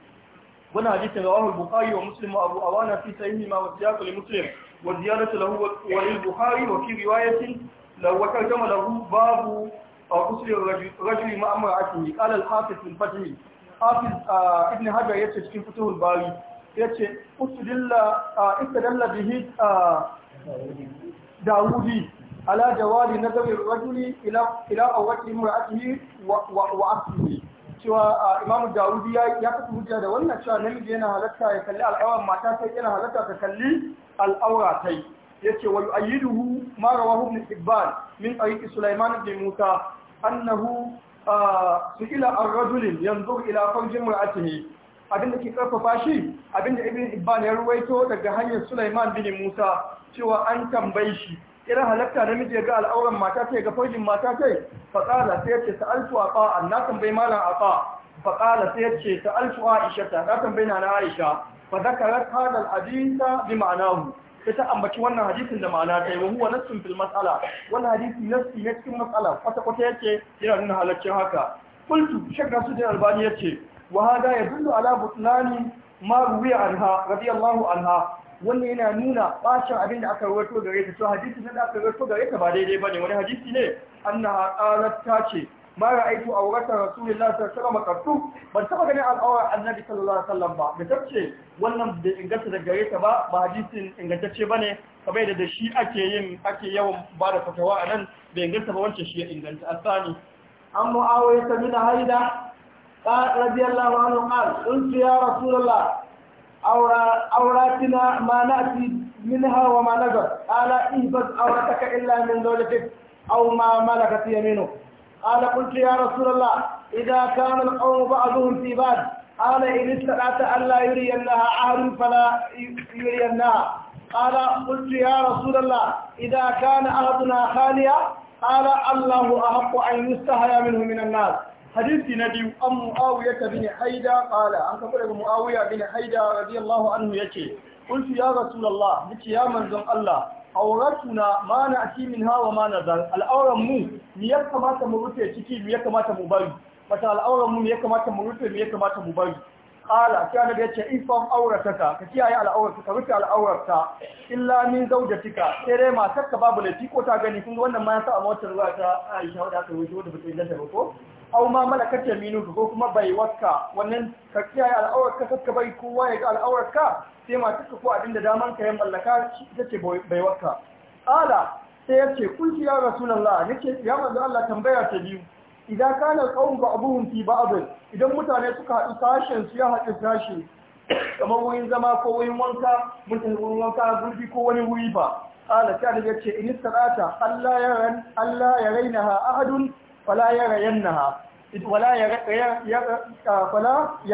wannan hadisin rawahu al-Bukhari wa Muslim wa Abu Awana fi sahihi ma wa siyaqu li Muslim wa ziyadatu lahu wa lil-Bukhari wa fi riwayatin law wa tarjama lahu babu أو أسر الرجل ما أمر أكي قال الحافظ الفجري حافظ آه، ابن حجر يتش في فتوه الباري يتش أسدل آه، استدل به آه، داودي على جوال نزل الرجل إلى إلى أوجه مرأته وأسره شو إمام داودي يكتب مجهد ولا شو نمجي أنا هلتا يكلي الأورا ما تاسي أنا هلتا تكلي الأورا تي يتش ويؤيده ما رواه ابن حبان من طريق سليمان بن موسى annahu su'ila ar-rajul yanzur ila farji imra'atihi abinda ke karfafa shi abinda ibn ibban ya ruwaito daga hanyar Sulaiman bin Musa cewa an tambaye shi irin halatta namiji ya ga al'auran mata sai ga farjin mata kai faqala sai yace sa'altu aqa Na tambayi malam aqa faqala sai yace sa'altu aisha ta tambayi na Aisha fa zakarat hadha al bi ma'anahu sai ta ambaci wannan hadisin da ma'ana ta yi wa huwa nassun fil mas'ala wannan hadisi nassi ne cikin mas'ala kwata kwata yake yana nuna halaccin haka qultu shakka su da albani yace wa hada yadullu ala butlani ma ruwiya anha radiyallahu anha wannan yana nuna bashin abin da aka rawaito gare ta to hadisi ne da aka rawaito gare ta ba daidai bane wani hadisi ne annaha qalat ta ce ma ra'aitu aurata rasulullahi sallallahu alaihi wasallam qattu ban taba ganin al'aura annabi sallallahu alaihi wasallam ba da tace wannan da inganta da gare ta ba ba hadisin ingantacce bane kamar da shi ake yin ake yawan ba da fatawa nan bai inganta ba wancan shi ya inganta asani an mu'awiya ta bin haida radiyallahu anhu qala qultu ya rasulullah aura auratina ma na'ti منها وما نزل قال اهبط عورتك إلا من زوجتك أو ما ملكت يمينك قال قلت يا رسول الله إذا كان القوم بعضهم في بعض قال إن استطعت أن لا يرينها عهد فلا يرينها قال قلت يا رسول الله إذا كان أهدنا خاليا قال الله أحق أن يستحيا منه من الناس حديث نبي أم معاوية بن حيدة قال عن كفر معاوية بن حيدة رضي الله عنه يكي kuntu ya rasulullah nace ya manzon Allah auratuna mana na ati min hawa ma nazar al'auran mu me ya kamata mu rufe ciki me ya kamata mu bari wata al'auran mu me ya kamata mu rufe me ya kamata mu bari qala sai annabi yace ifam aurataka ka kiyaye al'aurata ka rufe al'aurata illa min zawjatika sai dai matar ka babu laifi ko ta gani kun wannan ma ya sa a motar ruwa ta Aisha wadda aka wuce wadda bata inganta ba ko au ma malakat yaminuka ko kuma baiwarka wannan ka kiyaye al'aurarka ka bai kowa ya ga ka? sai matarka ko abin da daman ka ya mallaka ita ce baiwarka ala sai ya ce kulki ya rasulullah nake ya manzo Allah tambaya ta biyu idan kana alqawm ba'dhum fi ba'd idan mutane suka haɗu sashen su ya haɗu sashi kamar wurin zama ko wurin wanka mutane wurin wanka gurbi ko wani wuri ba ala ta da yace in istata Allah ya Allah ya rainaha ahadun fala ya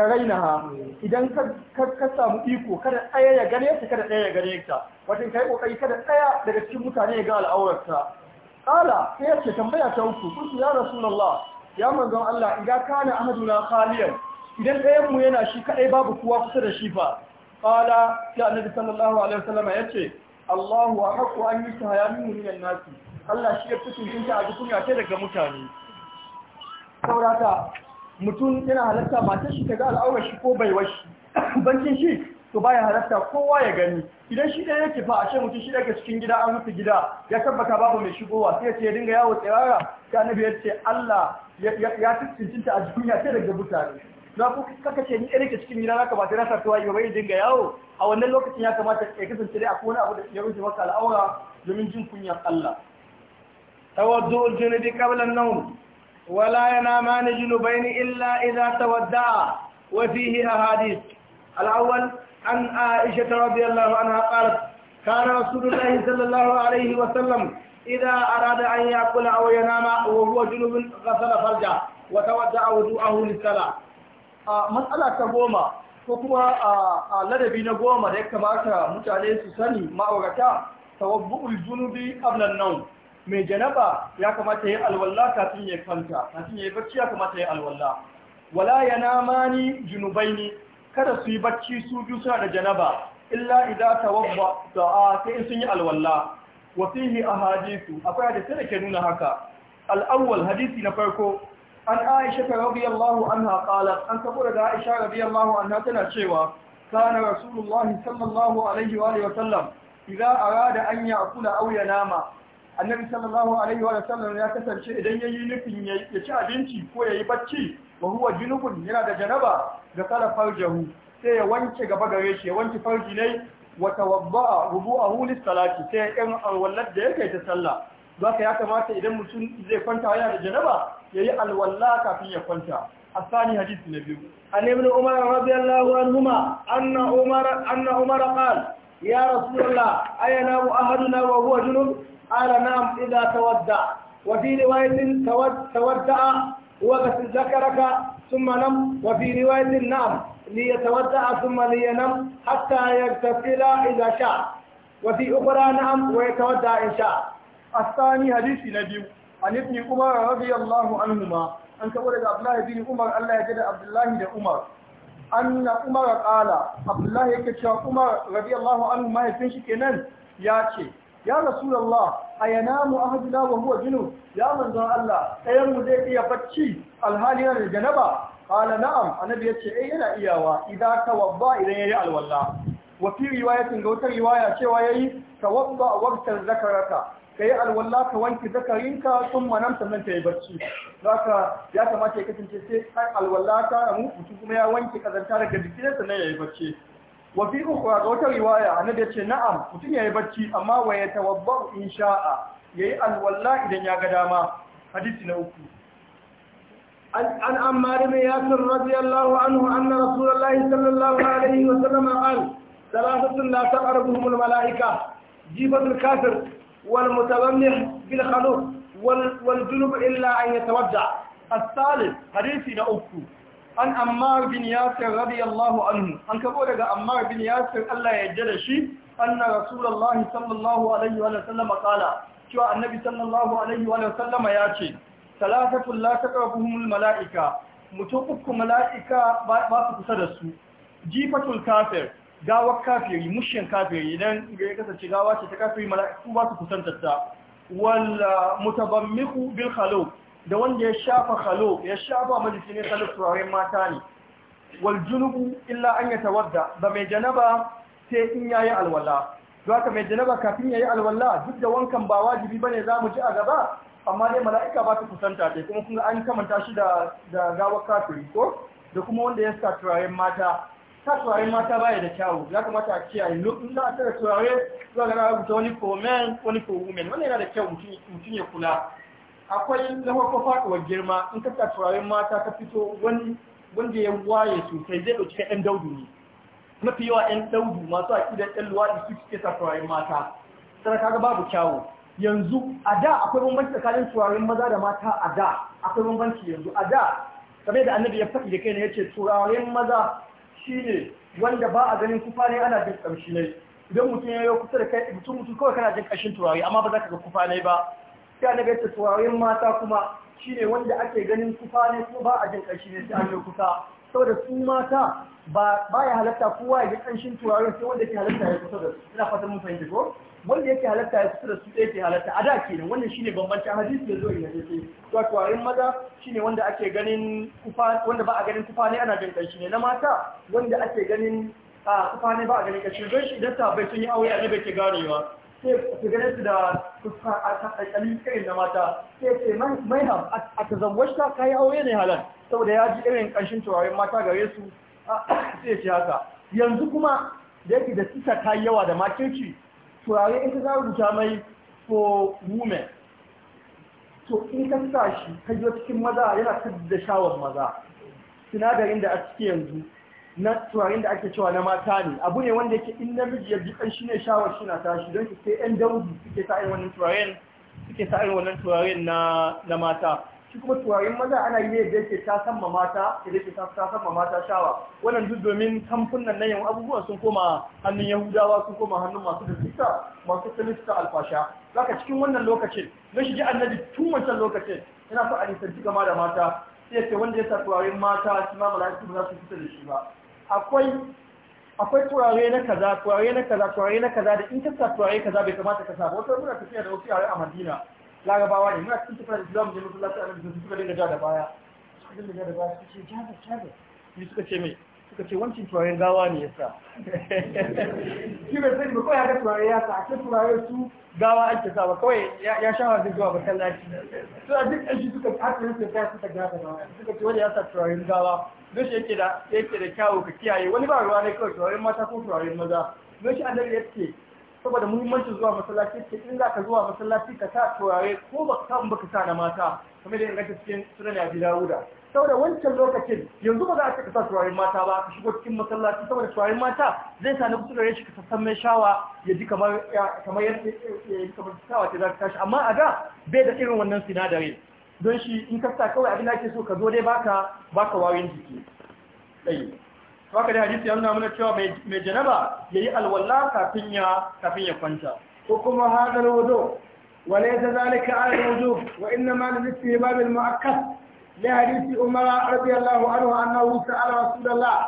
raina ha, idan ka samu iko kada ɗaya ya gane ta kada ɗaya ya gane ta watan ka yi ƙoƙari kada ɗaya daga cikin mutane ya ga al'aurarta ƙala sai ce tambaya ta uku kuntu ya rasulallah ya manzon Allah iga kana ahaduna khaliyan idan ɗayan mu yana shi kaɗai babu kowa kusa da shi fa ƙala sai annabi sallallahu alaihi ya yace Allahu ahqqu an yusha ya minhu minan nasi Allah shi ya fushin cinta a kunya ce daga mutane saurata mutum yana halatta matar shi ta ga al'aurar shi ko bai washi Bankin shi to baya halatta kowa ya gani idan shi ɗaya yake fa a ce mutum shi daga cikin gida an rufe gida ya tabbata babu mai shigowa sai ce ya dinga yawo tsirara ta annabi ya ce Allah ya cincin cinta a jikin ya ce daga mutane na ku kaka ce ni ɗaya cikin gida na kamata ta rasa tuwa bai dinga yawo a wannan lokacin ya kamata ya kasance dai akwai wani abu da ya rufe maka al'aura domin jin kunyar Allah توضؤ الجنب قبل النوم ولا ينامان جنبين إلا إذا تودع وفيه أحاديث الأول عن عائشة رضي الله عنها قالت كان رسول الله صلى الله عليه وسلم إذا أراد أن يأكل أو ينام وهو جنوب غسل فرجه وتودع وضوءه للصلاة مسألة تقوم ko kuma a ladabi na goma da ya kamata mutane su sani ma'aurata tawabbu'ul junubi qabla an-nawm mai janaba ya kamata ya alwalla kafin ya kwanta kafin ya yi bacci ya kamata ya alwalla wala junubai ni? kada su yi bacci su biyu suna da janaba illa idan tawabba da'a sai sun yi alwalla wa a ahadithu akwai hadisi da ke nuna haka al hadisi na farko an Aisha radiyallahu anha Haƙala. an kabura da Aisha radiyallahu anha tana cewa kana rasulullahi sallallahu alaihi wa sallam idza arada an ya'kula aw nama. annabi sallallahu alaihi wa sallam ya kasance idan yayi nufin ya ci abinci ko yayi bacci wa huwa junubun yana da janaba ga kala farjahu sai ya wanke gaba gare shi ya wanke farji ne wa tawadda'a wudu'ahu lis-salati sai in alwallar da yake ta sallah zaka ya kamata idan mutum zai kwanta yana da janaba yayi alwalla kafin ya kwanta الثاني حديث النبي عن ابن عمر رضي الله عنهما أن عمر أن عمر قال يا رسول الله أينام أحدنا وهو جنب قال نعم إذا تودع وفي رواية تودع وغسل ذكرك ثم نم وفي رواية نعم ليتودع ثم لينم حتى يغتسل إذا شاء وفي أخرى نعم ويتودع إن شاء الثاني حديث نبي عن ابن عمر رضي الله عنهما أن تقول عبد الله بن عمر الله يجد عبد الله بن عمر أن عمر قال عبد الله يكتشف عمر رضي الله عنهما يفنش كنان ياتي ya rasulallah a yanamu ahaduna wa huwa jinu ya manzon Allah ɗayan mu zai iya bacci alhali yana da janaba qala na'am annabi yace eh yana iyawa idan wabba idan yayi alwala wa fi riwayatin ga wata riwaya cewa yayi tawadda waqtan zakaraka kai alwala ka wanke zakarinka sun manam sannan ta yi barci zaka ya kamata ya kasance sai alwala ka mutum kuma ya wanke kazanta daga jikin sannan ya yi barci. wafi uku a wata riwaya na ya ce na'am mutum yayi barci, amma wa ya tawabba in sha'a ya yi alwalla idan ya ga dama hadisi na uku an an mari mai yasir radiyallahu anhu anna rasulullahi sallallahu alaihi wa sallam al salatun la taqrabuhum al malaika jibatul kafir wal mutawammih bil khaluq wal wal junub illa an yatawajja as-salim hadisi na uku an ammar bin yasir radiyallahu anhu an kabo daga ammar bin yasir Allah ya yarda da shi anna rasulullahi sallallahu alaihi wa Sallama qala cewa annabi sallallahu alaihi wa Sallama ya ce salatatu la taqrabuhumul malaika mutum uku mala'ika ba su kusa da su jifatul kafir gawar kafiri mushin kafiri idan ya kasance gawa ce ta kafiri mala'iku ba su kusantarta wal mutabammiku bil khalo da wanda ya shafa khalo ya shafa majisi ne khalo turaren mata ne wal junubu illa an ya tawadda ba mai janaba sai in yayi alwala haka mai janaba kafin yayi alwala duk da wankan ba wajibi bane mu ji a gaba amma dai mala'ika ba su kusanta dai kuma kun an kamanta shi da da gawar kafiri ko da kuma wanda ya sa turaren mata sa turaren mata baya da kyawu ya kamata a kiyaye lokacin da aka turare zuwa ga rubuta wani for wani for women wannan yana da kyau mutum ya kula akwai na farko faɗuwar girma in ka turaren mata ka fito wani wanda ya waye sosai zai ɗauki ɗan daudu ne mafi yawa ɗan daudu masu aƙidar ɗan luwaɗi su suke sa turaren mata sai kaga babu kyawu yanzu a da akwai bambanci tsakanin turaren maza da mata a da akwai bambanci yanzu a da kamar da annabi ya faɗi da kai ne ya ce turaren maza shine wanda ba a ganin kufa ne ana jin ƙamshi ne idan mutum ya yi kusa da kai mutum mutum kawai kana jin ƙashin turare amma ba za ka ga kufa ne ba sai na ya tsawarin mata kuma shi ne wanda ake ganin kufa ne ko ba a jin ƙarshi ne sai an yi kusa saboda su mata ba ya halatta kowa ya ji ƙanshin turaren sai wanda ke halatta ya kusa da su ina fatan mun fahimta ko wanda yake halatta ya kusa da su ɗaya ke halatta a da kenan wannan shi ne bambancin hadisi da zo ina ce to turaren maza shine wanda ake ganin kufa wanda ba a ganin kufa ne ana jin ƙarshi ne na mata wanda ake ganin a kufa ne ba a ganin ƙarshi don shi idan ta bai sun yi aure a ne bai ke ganewa sai gane su da fuska a irin na mata sai ce mai ham a ta zangwashta ka yi aure ne halar saboda ya ji irin ƙarshen turaren mata gare su sai ce haka yanzu kuma da yake da sisa ta yawa da makirci turare ita za rubuta mai for women to in ka sa shi ka cikin maza yana da shawar maza sinadarin da a ciki yanzu na turaren da ake cewa na mata ne abu ne wanda yake in miji ya ji kanshi ne shawar shi na tashi don sai yan daudi suke sa irin wannan turaren suke sa irin wannan na na mata shi kuma turaren maza ana yi ne da yake ta san ma mata da yake ta san ma mata shawa wannan duk domin kamfunan nan yau abubuwan sun koma hannun yahudawa sun koma hannun masu da masu sanista alfasha zaka cikin wannan lokacin na shi ji annabi tun wancan lokacin yana so a nisanci gama da mata sai ce wanda ya sa turaren mata shi ma mala'iku ba za su fita da shi ba akwai turare na kaza turare na kaza turare na kaza da in ka sa turare kaza bai kamata ka sa ba wata muna tafiya da wasu yare a Madina larabawa ne muna cikin tafiya da Islam ne mutum lafiya da suka dinga ja da baya suka dinga ja da baya suka ce jaza jaza ni suka ce mai suka ce wancin turaren gawa ne ya sa shi bai sani bakwai haka turare ya sa ake turare su gawa ake sa ba kawai ya sha wa zuwa masallaci su a duk ɗan shi suka haka yin sai suka gata ba suka ce wani ya sa turaren gawa don shi yake da yake da kyawu ka kiyaye wani ba ruwa ne kawai turaren mata ko turaren maza don shi annabi ya ce saboda muhimmancin zuwa masallaci ke in za ka zuwa masallaci ka sa turare ko ba ka samu ba ka sa na mata kamar da inganta cikin sunan abi dawuda saboda wancan lokacin yanzu ba za a cika sa turaren mata ba ka shigo cikin masallaci saboda turaren mata zai sa na kusurar shi ka sassan mai shawa ya ji kamar kamar yadda kamar shawa ce za ka tashi amma a da bai da irin wannan sinadarin don shi in ka sa kawai abin da ake so ka zo dai baka baka warin jiki ɗaya haka da hadisi yana nuna cewa mai janaba yayi alwala kafin ya kafin ya kwanta ko kuma hadal wudu wa laysa zalika ala wudu wa inma li istihbab al mu'akkad لحديث عمر رضي الله عنه أنه سأل رسول الله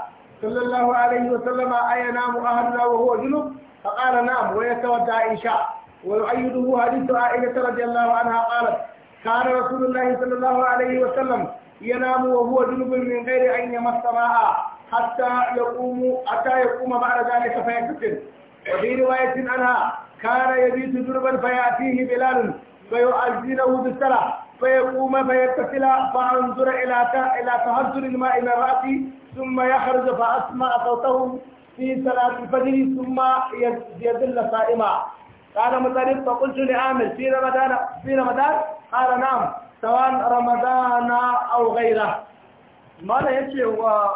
صلى الله عليه وسلم أينام أهلنا وهو جنوب فقال نام ويتودع إن شاء ويؤيده حديث عائلة رضي الله عنها قالت كان رسول الله صلى الله عليه وسلم ينام وهو جنوب من غير أن يمس ماء حتى يقوم حتى يقوم بعد ذلك فيكتب وفي رواية عنها كان يبيت جنوبا فيأتيه بلال فيؤذنه بالصلاة فيقوم فيتصل فأنظر إلى إلى تهجر الماء من رأسي ثم يخرج فأسمع صوته في صلاة الفجر ثم يذل صائما قال مطرب فقلت لعامر في رمضان في رمضان قال نعم سواء رمضان أو غيره ماذا يجي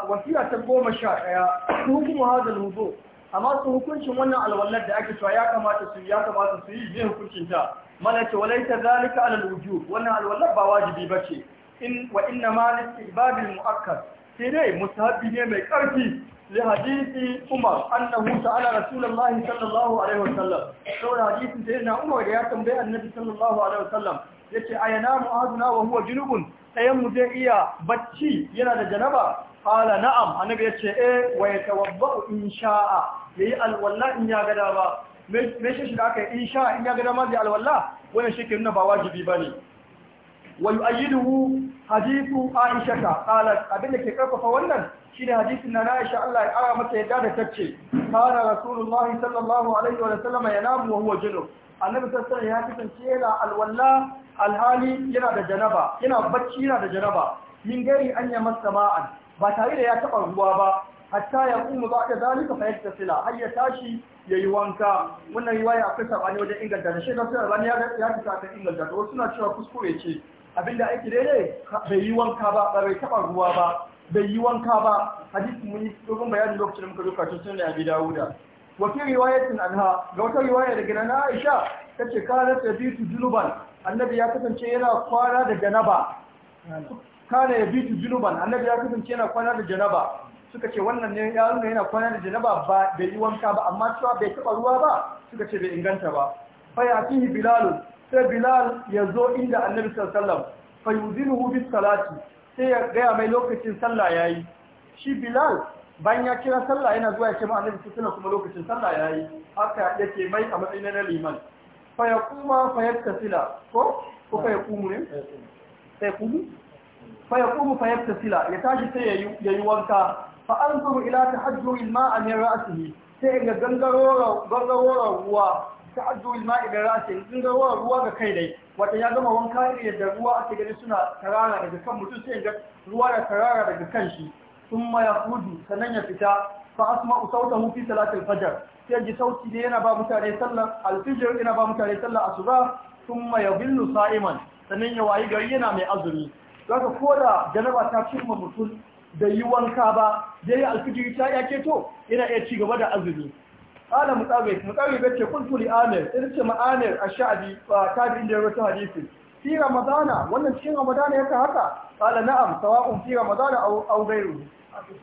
وسيلة تبقوم الشاعر حكم هذا الوضوء أما هو كنش منع الولد أكس وياك ما تسوي ياك ما تسوي كل شيء انتهى walai ta zalika alal wujub wannan alwala ba wajibi bace in wa inna ma istibab almuakkad sai dai musahabi ne mai karfi li hadisi umar annahu ta'ala rasulullahi sallallahu alaihi wasallam saboda hadisin sai na umar da ya tambaye annabi sallallahu alaihi wasallam yace ayana mu'aduna wa huwa junubun ɗayan mu zai iya bacci yana da janaba qala na'am annabi yace eh wa yatawadda in sha'a yayi alwala in ya gada ba mai shi da aka yi sha in ya ga dama zai alwalla? wannan shi ke nuna ba wajibi ba ne wa yu'ayyiduhu hadithu Aisha ta qalat abinda ke karfafa wannan Shi ne hadisin na Aisha Allah ya kara mata yadda da tace kana Rasulullah sallallahu alaihi wa sallam yanamu wa huwa junub annabi sassan ya kasance yana alwala alhali yana da janaba yana bacci yana da janaba min gari an masa ma'an ba tare da ya taɓa ruwa ba hatta ya kuma ba da zalika fa sila har ya tashi Yayi wanka wannan riwaya akwai sabani wajen inganta da shi nasu albani ya fi sa inganta da wasu suna cewa kuskure ce abinda aiki daidai bai yi wanka ba bai taba ruwa ba bai yi wanka ba hadisi mun yi dogon bayanin lokacin da muka zo kacin sunan abi dawuda wa fi riwayatin anha ga wata riwaya daga na aisha tace kana tu junuban annabi ya kasance yana kwana da janaba kana tu junuban annabi ya kasance yana kwana da janaba suka ce wannan ne ya nuna yana kwana da janaba ba bai yi wanka ba amma cewa bai taba ruwa ba suka ce bai inganta ba fa ya fihi bilal sai bilal ya zo inda annabi sallallahu alaihi wasallam fa yuzinuhu bis salati sai ya gaya mai lokacin sallah yayi shi bilal ban ya kira sallah yana zuwa ya ce ma annabi sallallahu kuma lokacin sallah yayi haka yake mai a matsayin na liman fa ya kuma fa yaktasila ko ko fa ya ne sai kumu fa ya fa yaktasila ya tashi sai ya yi wanka fa anzuru ila tahajjuri al-ma'a min ne, sai ga gangarora gangarora ruwa tahajjuri al-ma'a min ne, gangarora ruwa ga kai dai Wata ya gama wanka ne da ruwa ake gani suna tarara daga kan mutum sai ga ruwa da tarara daga kan shi Sun thumma yahudu sannan ya fita fa asma'u sautahu fi salatil fajr sai ji sauti ne yana ba mutane sallar alfijir yana ba mutane sallar asuba thumma yabillu sa'iman sannan ya wayi gari yana mai azumi zaka koda janaba ta cimma mutum da yi wanka ba da yi alfijiri ta ya keto ina iya ci gaba da azumi ala mutsawai mutsawai bai ce kun tuli amir ina ce ma'amir a sha'abi ba ta bi inda rasu hadisi fi ramadana wannan cikin ramadana ya yaka haka ala na'am sawa'un fi ramadana a aw gairu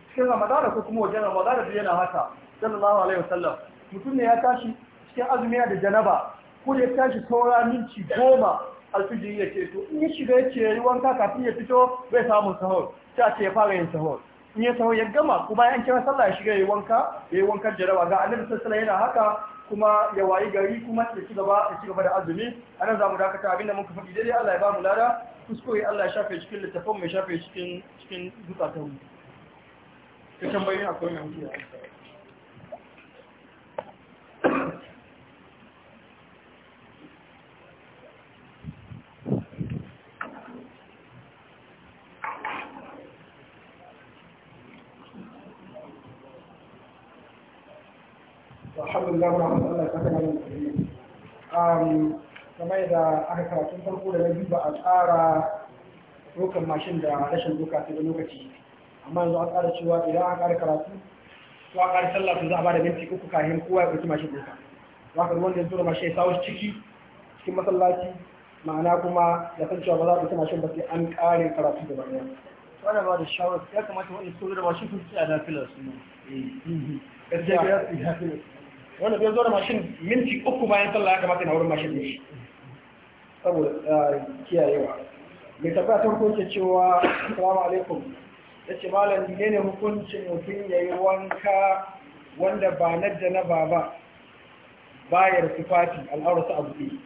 cikin ramadana ko kuma wajen ramadana da yana haka sallallahu alaihi wasallam mutum ne ya tashi cikin azumiya da janaba ko ya tashi saura minti goma alfijiri ya ce to in ya shiga ya ce wanka kafin ya fito bai samun sahur ta ce ya fara yin sahur in ya sahur ya gama kuma bayan kira sallah ya shiga ya wanka ya yi wankan jarawa. ga annabi sallallahu yana haka kuma ya wayi gari kuma ya ci gaba ya ci gaba da azumi anan zamu dakata abinda muka faɗi daidai Allah ya ba mu lada kuskure Allah ya shafe cikin littafin mai shafe cikin cikin zukatan mu ta tambayi akwai mai mutuwa الله ورحمة الله تعالى kamar da aka karatun farko da na biyu ba a tsara dokan mashin da rashin doka sai da lokaci amma yanzu an tsara cewa idan an ƙara karatu ko aka ƙara sallah to za a ba da minti uku kafin kowa ya ɗauki mashin doka za ka wanda ya tura mashin ya sawo ciki cikin masallaci ma'ana kuma ya san cewa ba za a ɗauki mashin ba sai an ƙare karatu da bayan wannan ba da shawar ya kamata wani su da mashin su ci a su ne. Eh. ya fi wanda bai zo da mashin minti uku bayan sallah ya kamata na wurin mashin ne saboda ah, kiyayewa mai tafiya ta hukunce cewa assalamu alaikum ya ce malam ne ne hukuncin mutum ya yi wanka wanda ba na jana ba bayar tufafi al'aurarsa a eh, buɗe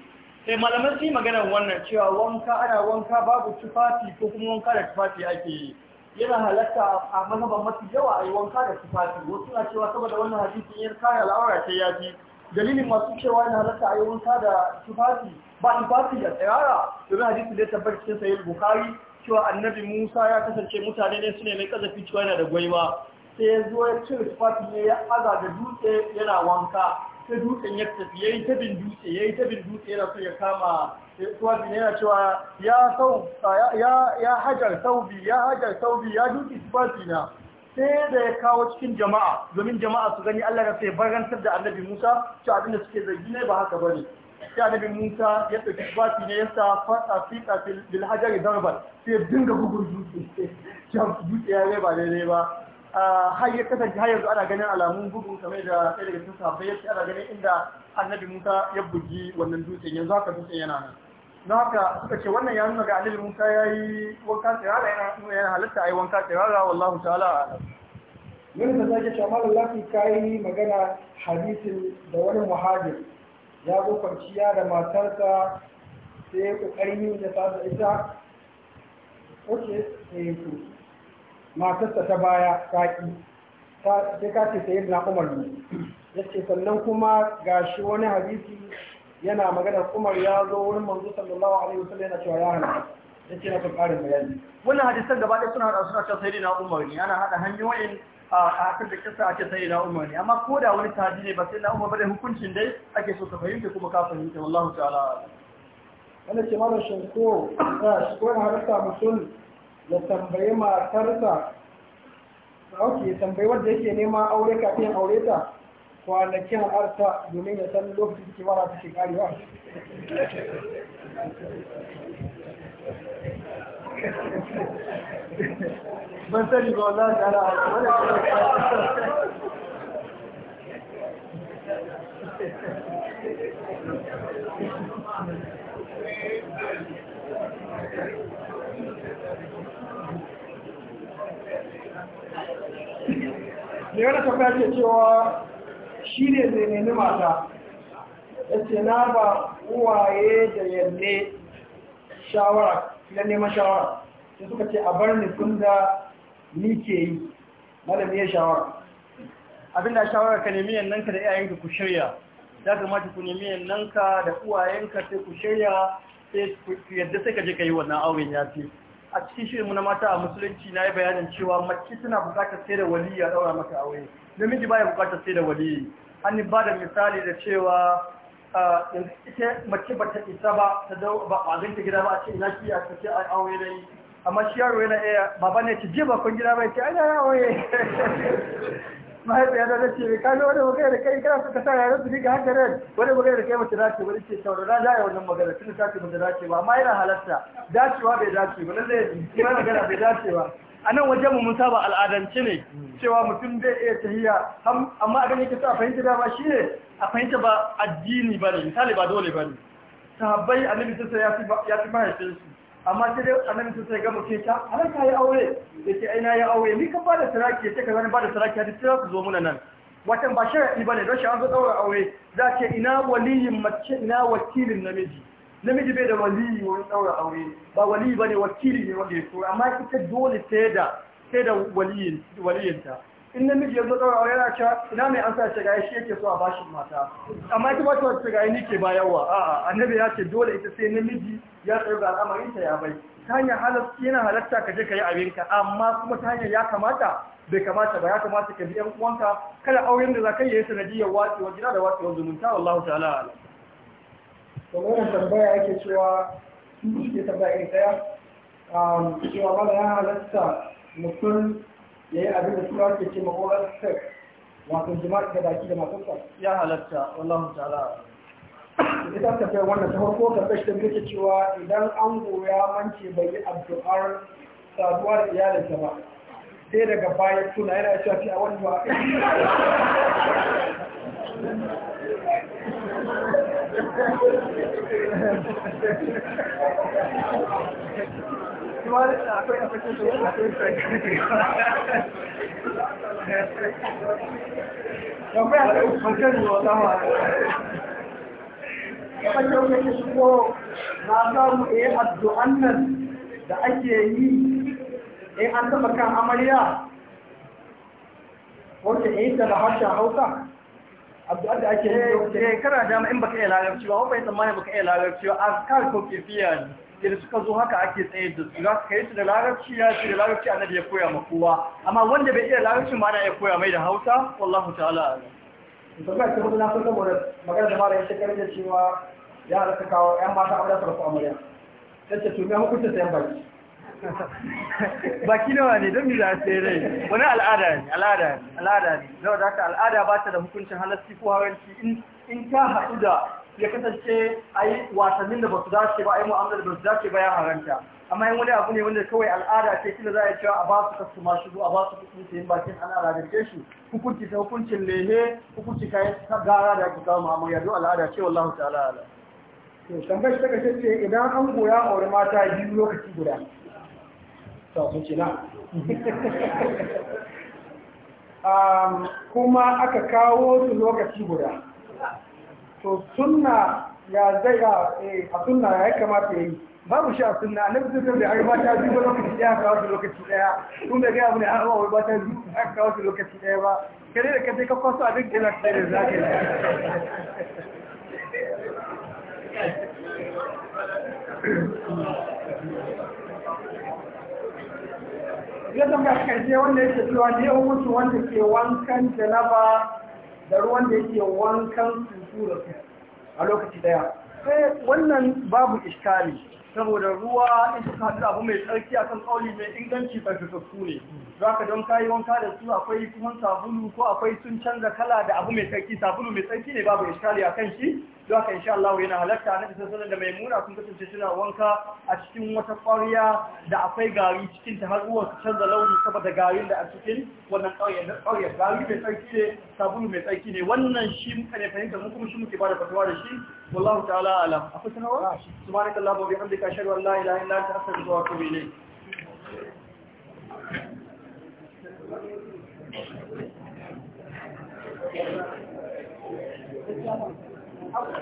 sai malamai su yi maganar wannan cewa wanka ana wanka babu tufafi ko kuma wanka da tufafi ake yi yana halatta a mazaban mafi yawa a yi wanka da tufafi wasu na cewa saboda wannan hadisin yin kaya la'aura ce ya fi dalilin masu cewa yana halatta a yi wanka da tufafi ba tufafi da tsirara domin hadisin da tabbata cikin sayi bukari cewa annabi musa ya kasance mutane ne su ne mai kazafi cewa yana da gwaiwa sai ya zo ya cire tufafi ne ya aza da dutse yana wanka sai dutsen ya tafi ta bin dutse yayi ta bin dutse yana so ya kama yana cewa ya sau ya ya hajar saubi ya hajar saubi ya duki tuwafi na sai da ya kawo cikin jama'a domin jama'a su gani Allah na sai barantar da Annabi Musa cewa abin suke zargi ne ba haka bane sai annabi Musa ya ɗauki tufafi ne ya sa fata fita bil hajar darban sai dinga bugun dutse jam dutse ya rai ba daidai ba har ya kasance har yanzu ana ganin alamun gudu kamar da ɗaya daga cikin sahabbai ya ce ana ganin inda annabi Musa ya bugi wannan dutsen yanzu haka dutsen yana nan na haka suka ce wannan ya nuna ga annabi Musa ya yi wanka tsirara yana nuna yana halatta a yi wanka tsirara wallahu ta'ala a alam yin da zai ce amma lallafi ka yi magana hadisin da wani muhajir ya zo kwanciya da matarsa sai ya ƙoƙarin yin da ta da ita ok eh matarsa ta baya saƙi sai ka ce sayi na umar ne ya ce sannan kuma ga shi wani hadisi yana magana umar ya zo wurin manzo sallallahu alaihi wasallam yana cewa ya hana ya ce na kan ƙarin bayani wannan hadisan gaba ɗaya suna hada suna cewa sayi na umar ne ana hada hanyoyin a hakan da kisa ake sayi na umar ne amma ko da wani tabi ne ba sai na umar ba da hukuncin dai ake so ka fahimta kuma ka fahimta wallahu ta'ala Wannan ce mara shanko ko na halitta musul ya tambayi matarsa ok ya tambayi wadda yake nema aure kafin aure ta kwanakin arta domin ya san lokacin da ke mara ta ke karewa ban sani ba wanda ta ala Thank you. sai wani tambaya ce cewa shi ne zai nemi mata ya ce na ba uwaye da yanne shawara na neman shawara sai suka ce a bar ni tun da ni ke yi malam ya shawara abinda shawara ka nemi yannanka da iyayenka ku shirya ya kamata ku nemi nanka da uwayenka sai ku shirya sai yadda sai ka je ka yi wannan auren ya fi a cikin shirin mu na mata a musulunci na yi bayanin cewa mace tana bukatar sai da wali a daura mata aure namiji baya bukatar sai da wali an ba da misali da cewa ita mace bata isa ba ta dau ba a ganta gida ba a ce ina ki a ce a aure dai amma shi yaro yana iya baba ne ce je ba kun gida ba ce ai na aure mahaifiya da ce ka ga wani magana da kai kana suka sa yaran su diga haka ran wani magana da kai mace dace wani ce saurara za a yi wannan magana tun ta ce mace dace ba amma yana halatta dacewa bai dace ba lalle kuma magana bai dace ba a nan wajen mu mun saba al'adance ne cewa mutum zai iya tahiya amma a ganin yake sa fahimta da shi ne a fahimta ba addini ba ne misali ba dole ba ne sahabbai annabi sai ya fi mahaifinsu amma sai dai annabi sun sai ga mutum ta har ka yi aure yace ai ya aure ni ka bada saraki sai ka zan bada saraki har sai ku zo muna nan watan ba sharadi bane don shi an zo daura aure za ce ina waliyin mace ina wakilin namiji namiji bai da waliyi wani daura aure ba waliyi bane wakili ne wanda ya so amma ita dole sai da sai da waliyin waliyinta in namiji ya yanzu ɗaura aure yana cewa ina mai an sa shigaye shi yake so a bashi mata amma ita bata wata shigaye ni ke bayarwa a'a annabi ya ce dole ita sai namiji ya ga da ta ya bai ta hanyar halarci yana halarta ka je ka yi ka amma kuma ta hanyar ya kamata bai kamata ba ya kamata ka bi yan uwanka kada auren da za ka yi sanadiyar watsewa gida da watsewa zumunta wallahu ta'ala ala kamar tambaya yake cewa ya tambaya ɗaya um, cewa da ya halarta mutum ya yi abin da suna ke ce ma sex wato jima'i da baki da matarsa ya halatta wallahu ta'ala ita ta kai wannan ta farko ta kashe da cewa idan an goya mance bai yi addu'ar saduwa da iyalinsa ba sai daga baya suna yana cewa fi a wani ba Thank you. Yau ya ke shigo na samu a yi eh, addu'an nan da ake yi in eh, an taɓa kan amarya yi ta da hausa addu'ar da ake yi yau. Eh, Kana dama in baka iya larabci ba, wani baka iya larabci ba, a kan kokifiya ne. da suka zo haka ake tsayar da su za su kai su da larabci ya ce da larabci annabi ya koya ma kowa amma wanda bai iya larabci ma na ya koya mai da hausa wallahu ta'ala tambaya ce hudu na so saboda magana da mara yake karin da cewa ya halatta kawo yan mata aure su rasu amarya ta ce tumi hukuncin sayan baki baki nawa ne don biza sai rai wani al'ada ne al'ada ne al'ada ne da haka al'ada ba ta da hukuncin halarci ko haranci in ta haɗu da ya kasance a yi wasannin da ba su dace ba a yi mu'amalar da ba su dace ba ya haranta amma yin wani abu ne wanda kawai al'ada ce kila za a cewa a ba su kasu masu zuwa a ba su kuɗi su yin bakin ana al'adance shi hukunci ta hukuncin lehe hukunci kayan gara da ake kawo ma'amur yanzu al'ada ce wallahu ta'ala ala. to tambayar ta kashe ce idan an goya aure mata biyu lokaci guda. to sun ce na. kuma aka kawo su lokaci guda. to sunna ya zai eh, a sunna ya kamata ya yi babu shi a sunna na fi sun da har ba ta biyu lokaci daya ka wasu lokaci daya kun da gaya wani har ba ta biyu har ka wasu lokaci daya ba kare da kaje ka kwaso abin da zaka da zaka yi ya zama karshe wanda ya ce cewa ya mutu wanda ke wankan janaba da ruwan da yake wankan sutura a lokaci daya sai wannan babu iskali saboda ruwa in suka haɗu abu mai tsarki akan kauli mai inganci tsaku ne za ka don kayi wanka da su akwai kuma sabulu ko akwai sun canza kala da abu mai tsarki sabulu mai tsarki ne babu iskali akan shi don haka insha Allah yana halatta na kasar sanar da maimuna sun kasance suna wanka a cikin wata ƙwarya da akwai gari cikin ta har ruwan canza launi saboda garin da a cikin wannan ƙwarya gari mai tsarki ne sabulu mai tsarki ne wannan shi muka ne fahimta mun kuma shi muke ba da fatawa da shi wallahu ta'ala alam akwai sanarwa subhanakallah wa bihamdika ashhadu an la ilaha illa anta astaghfiruka wa atubu ilayk Thank you. Okay.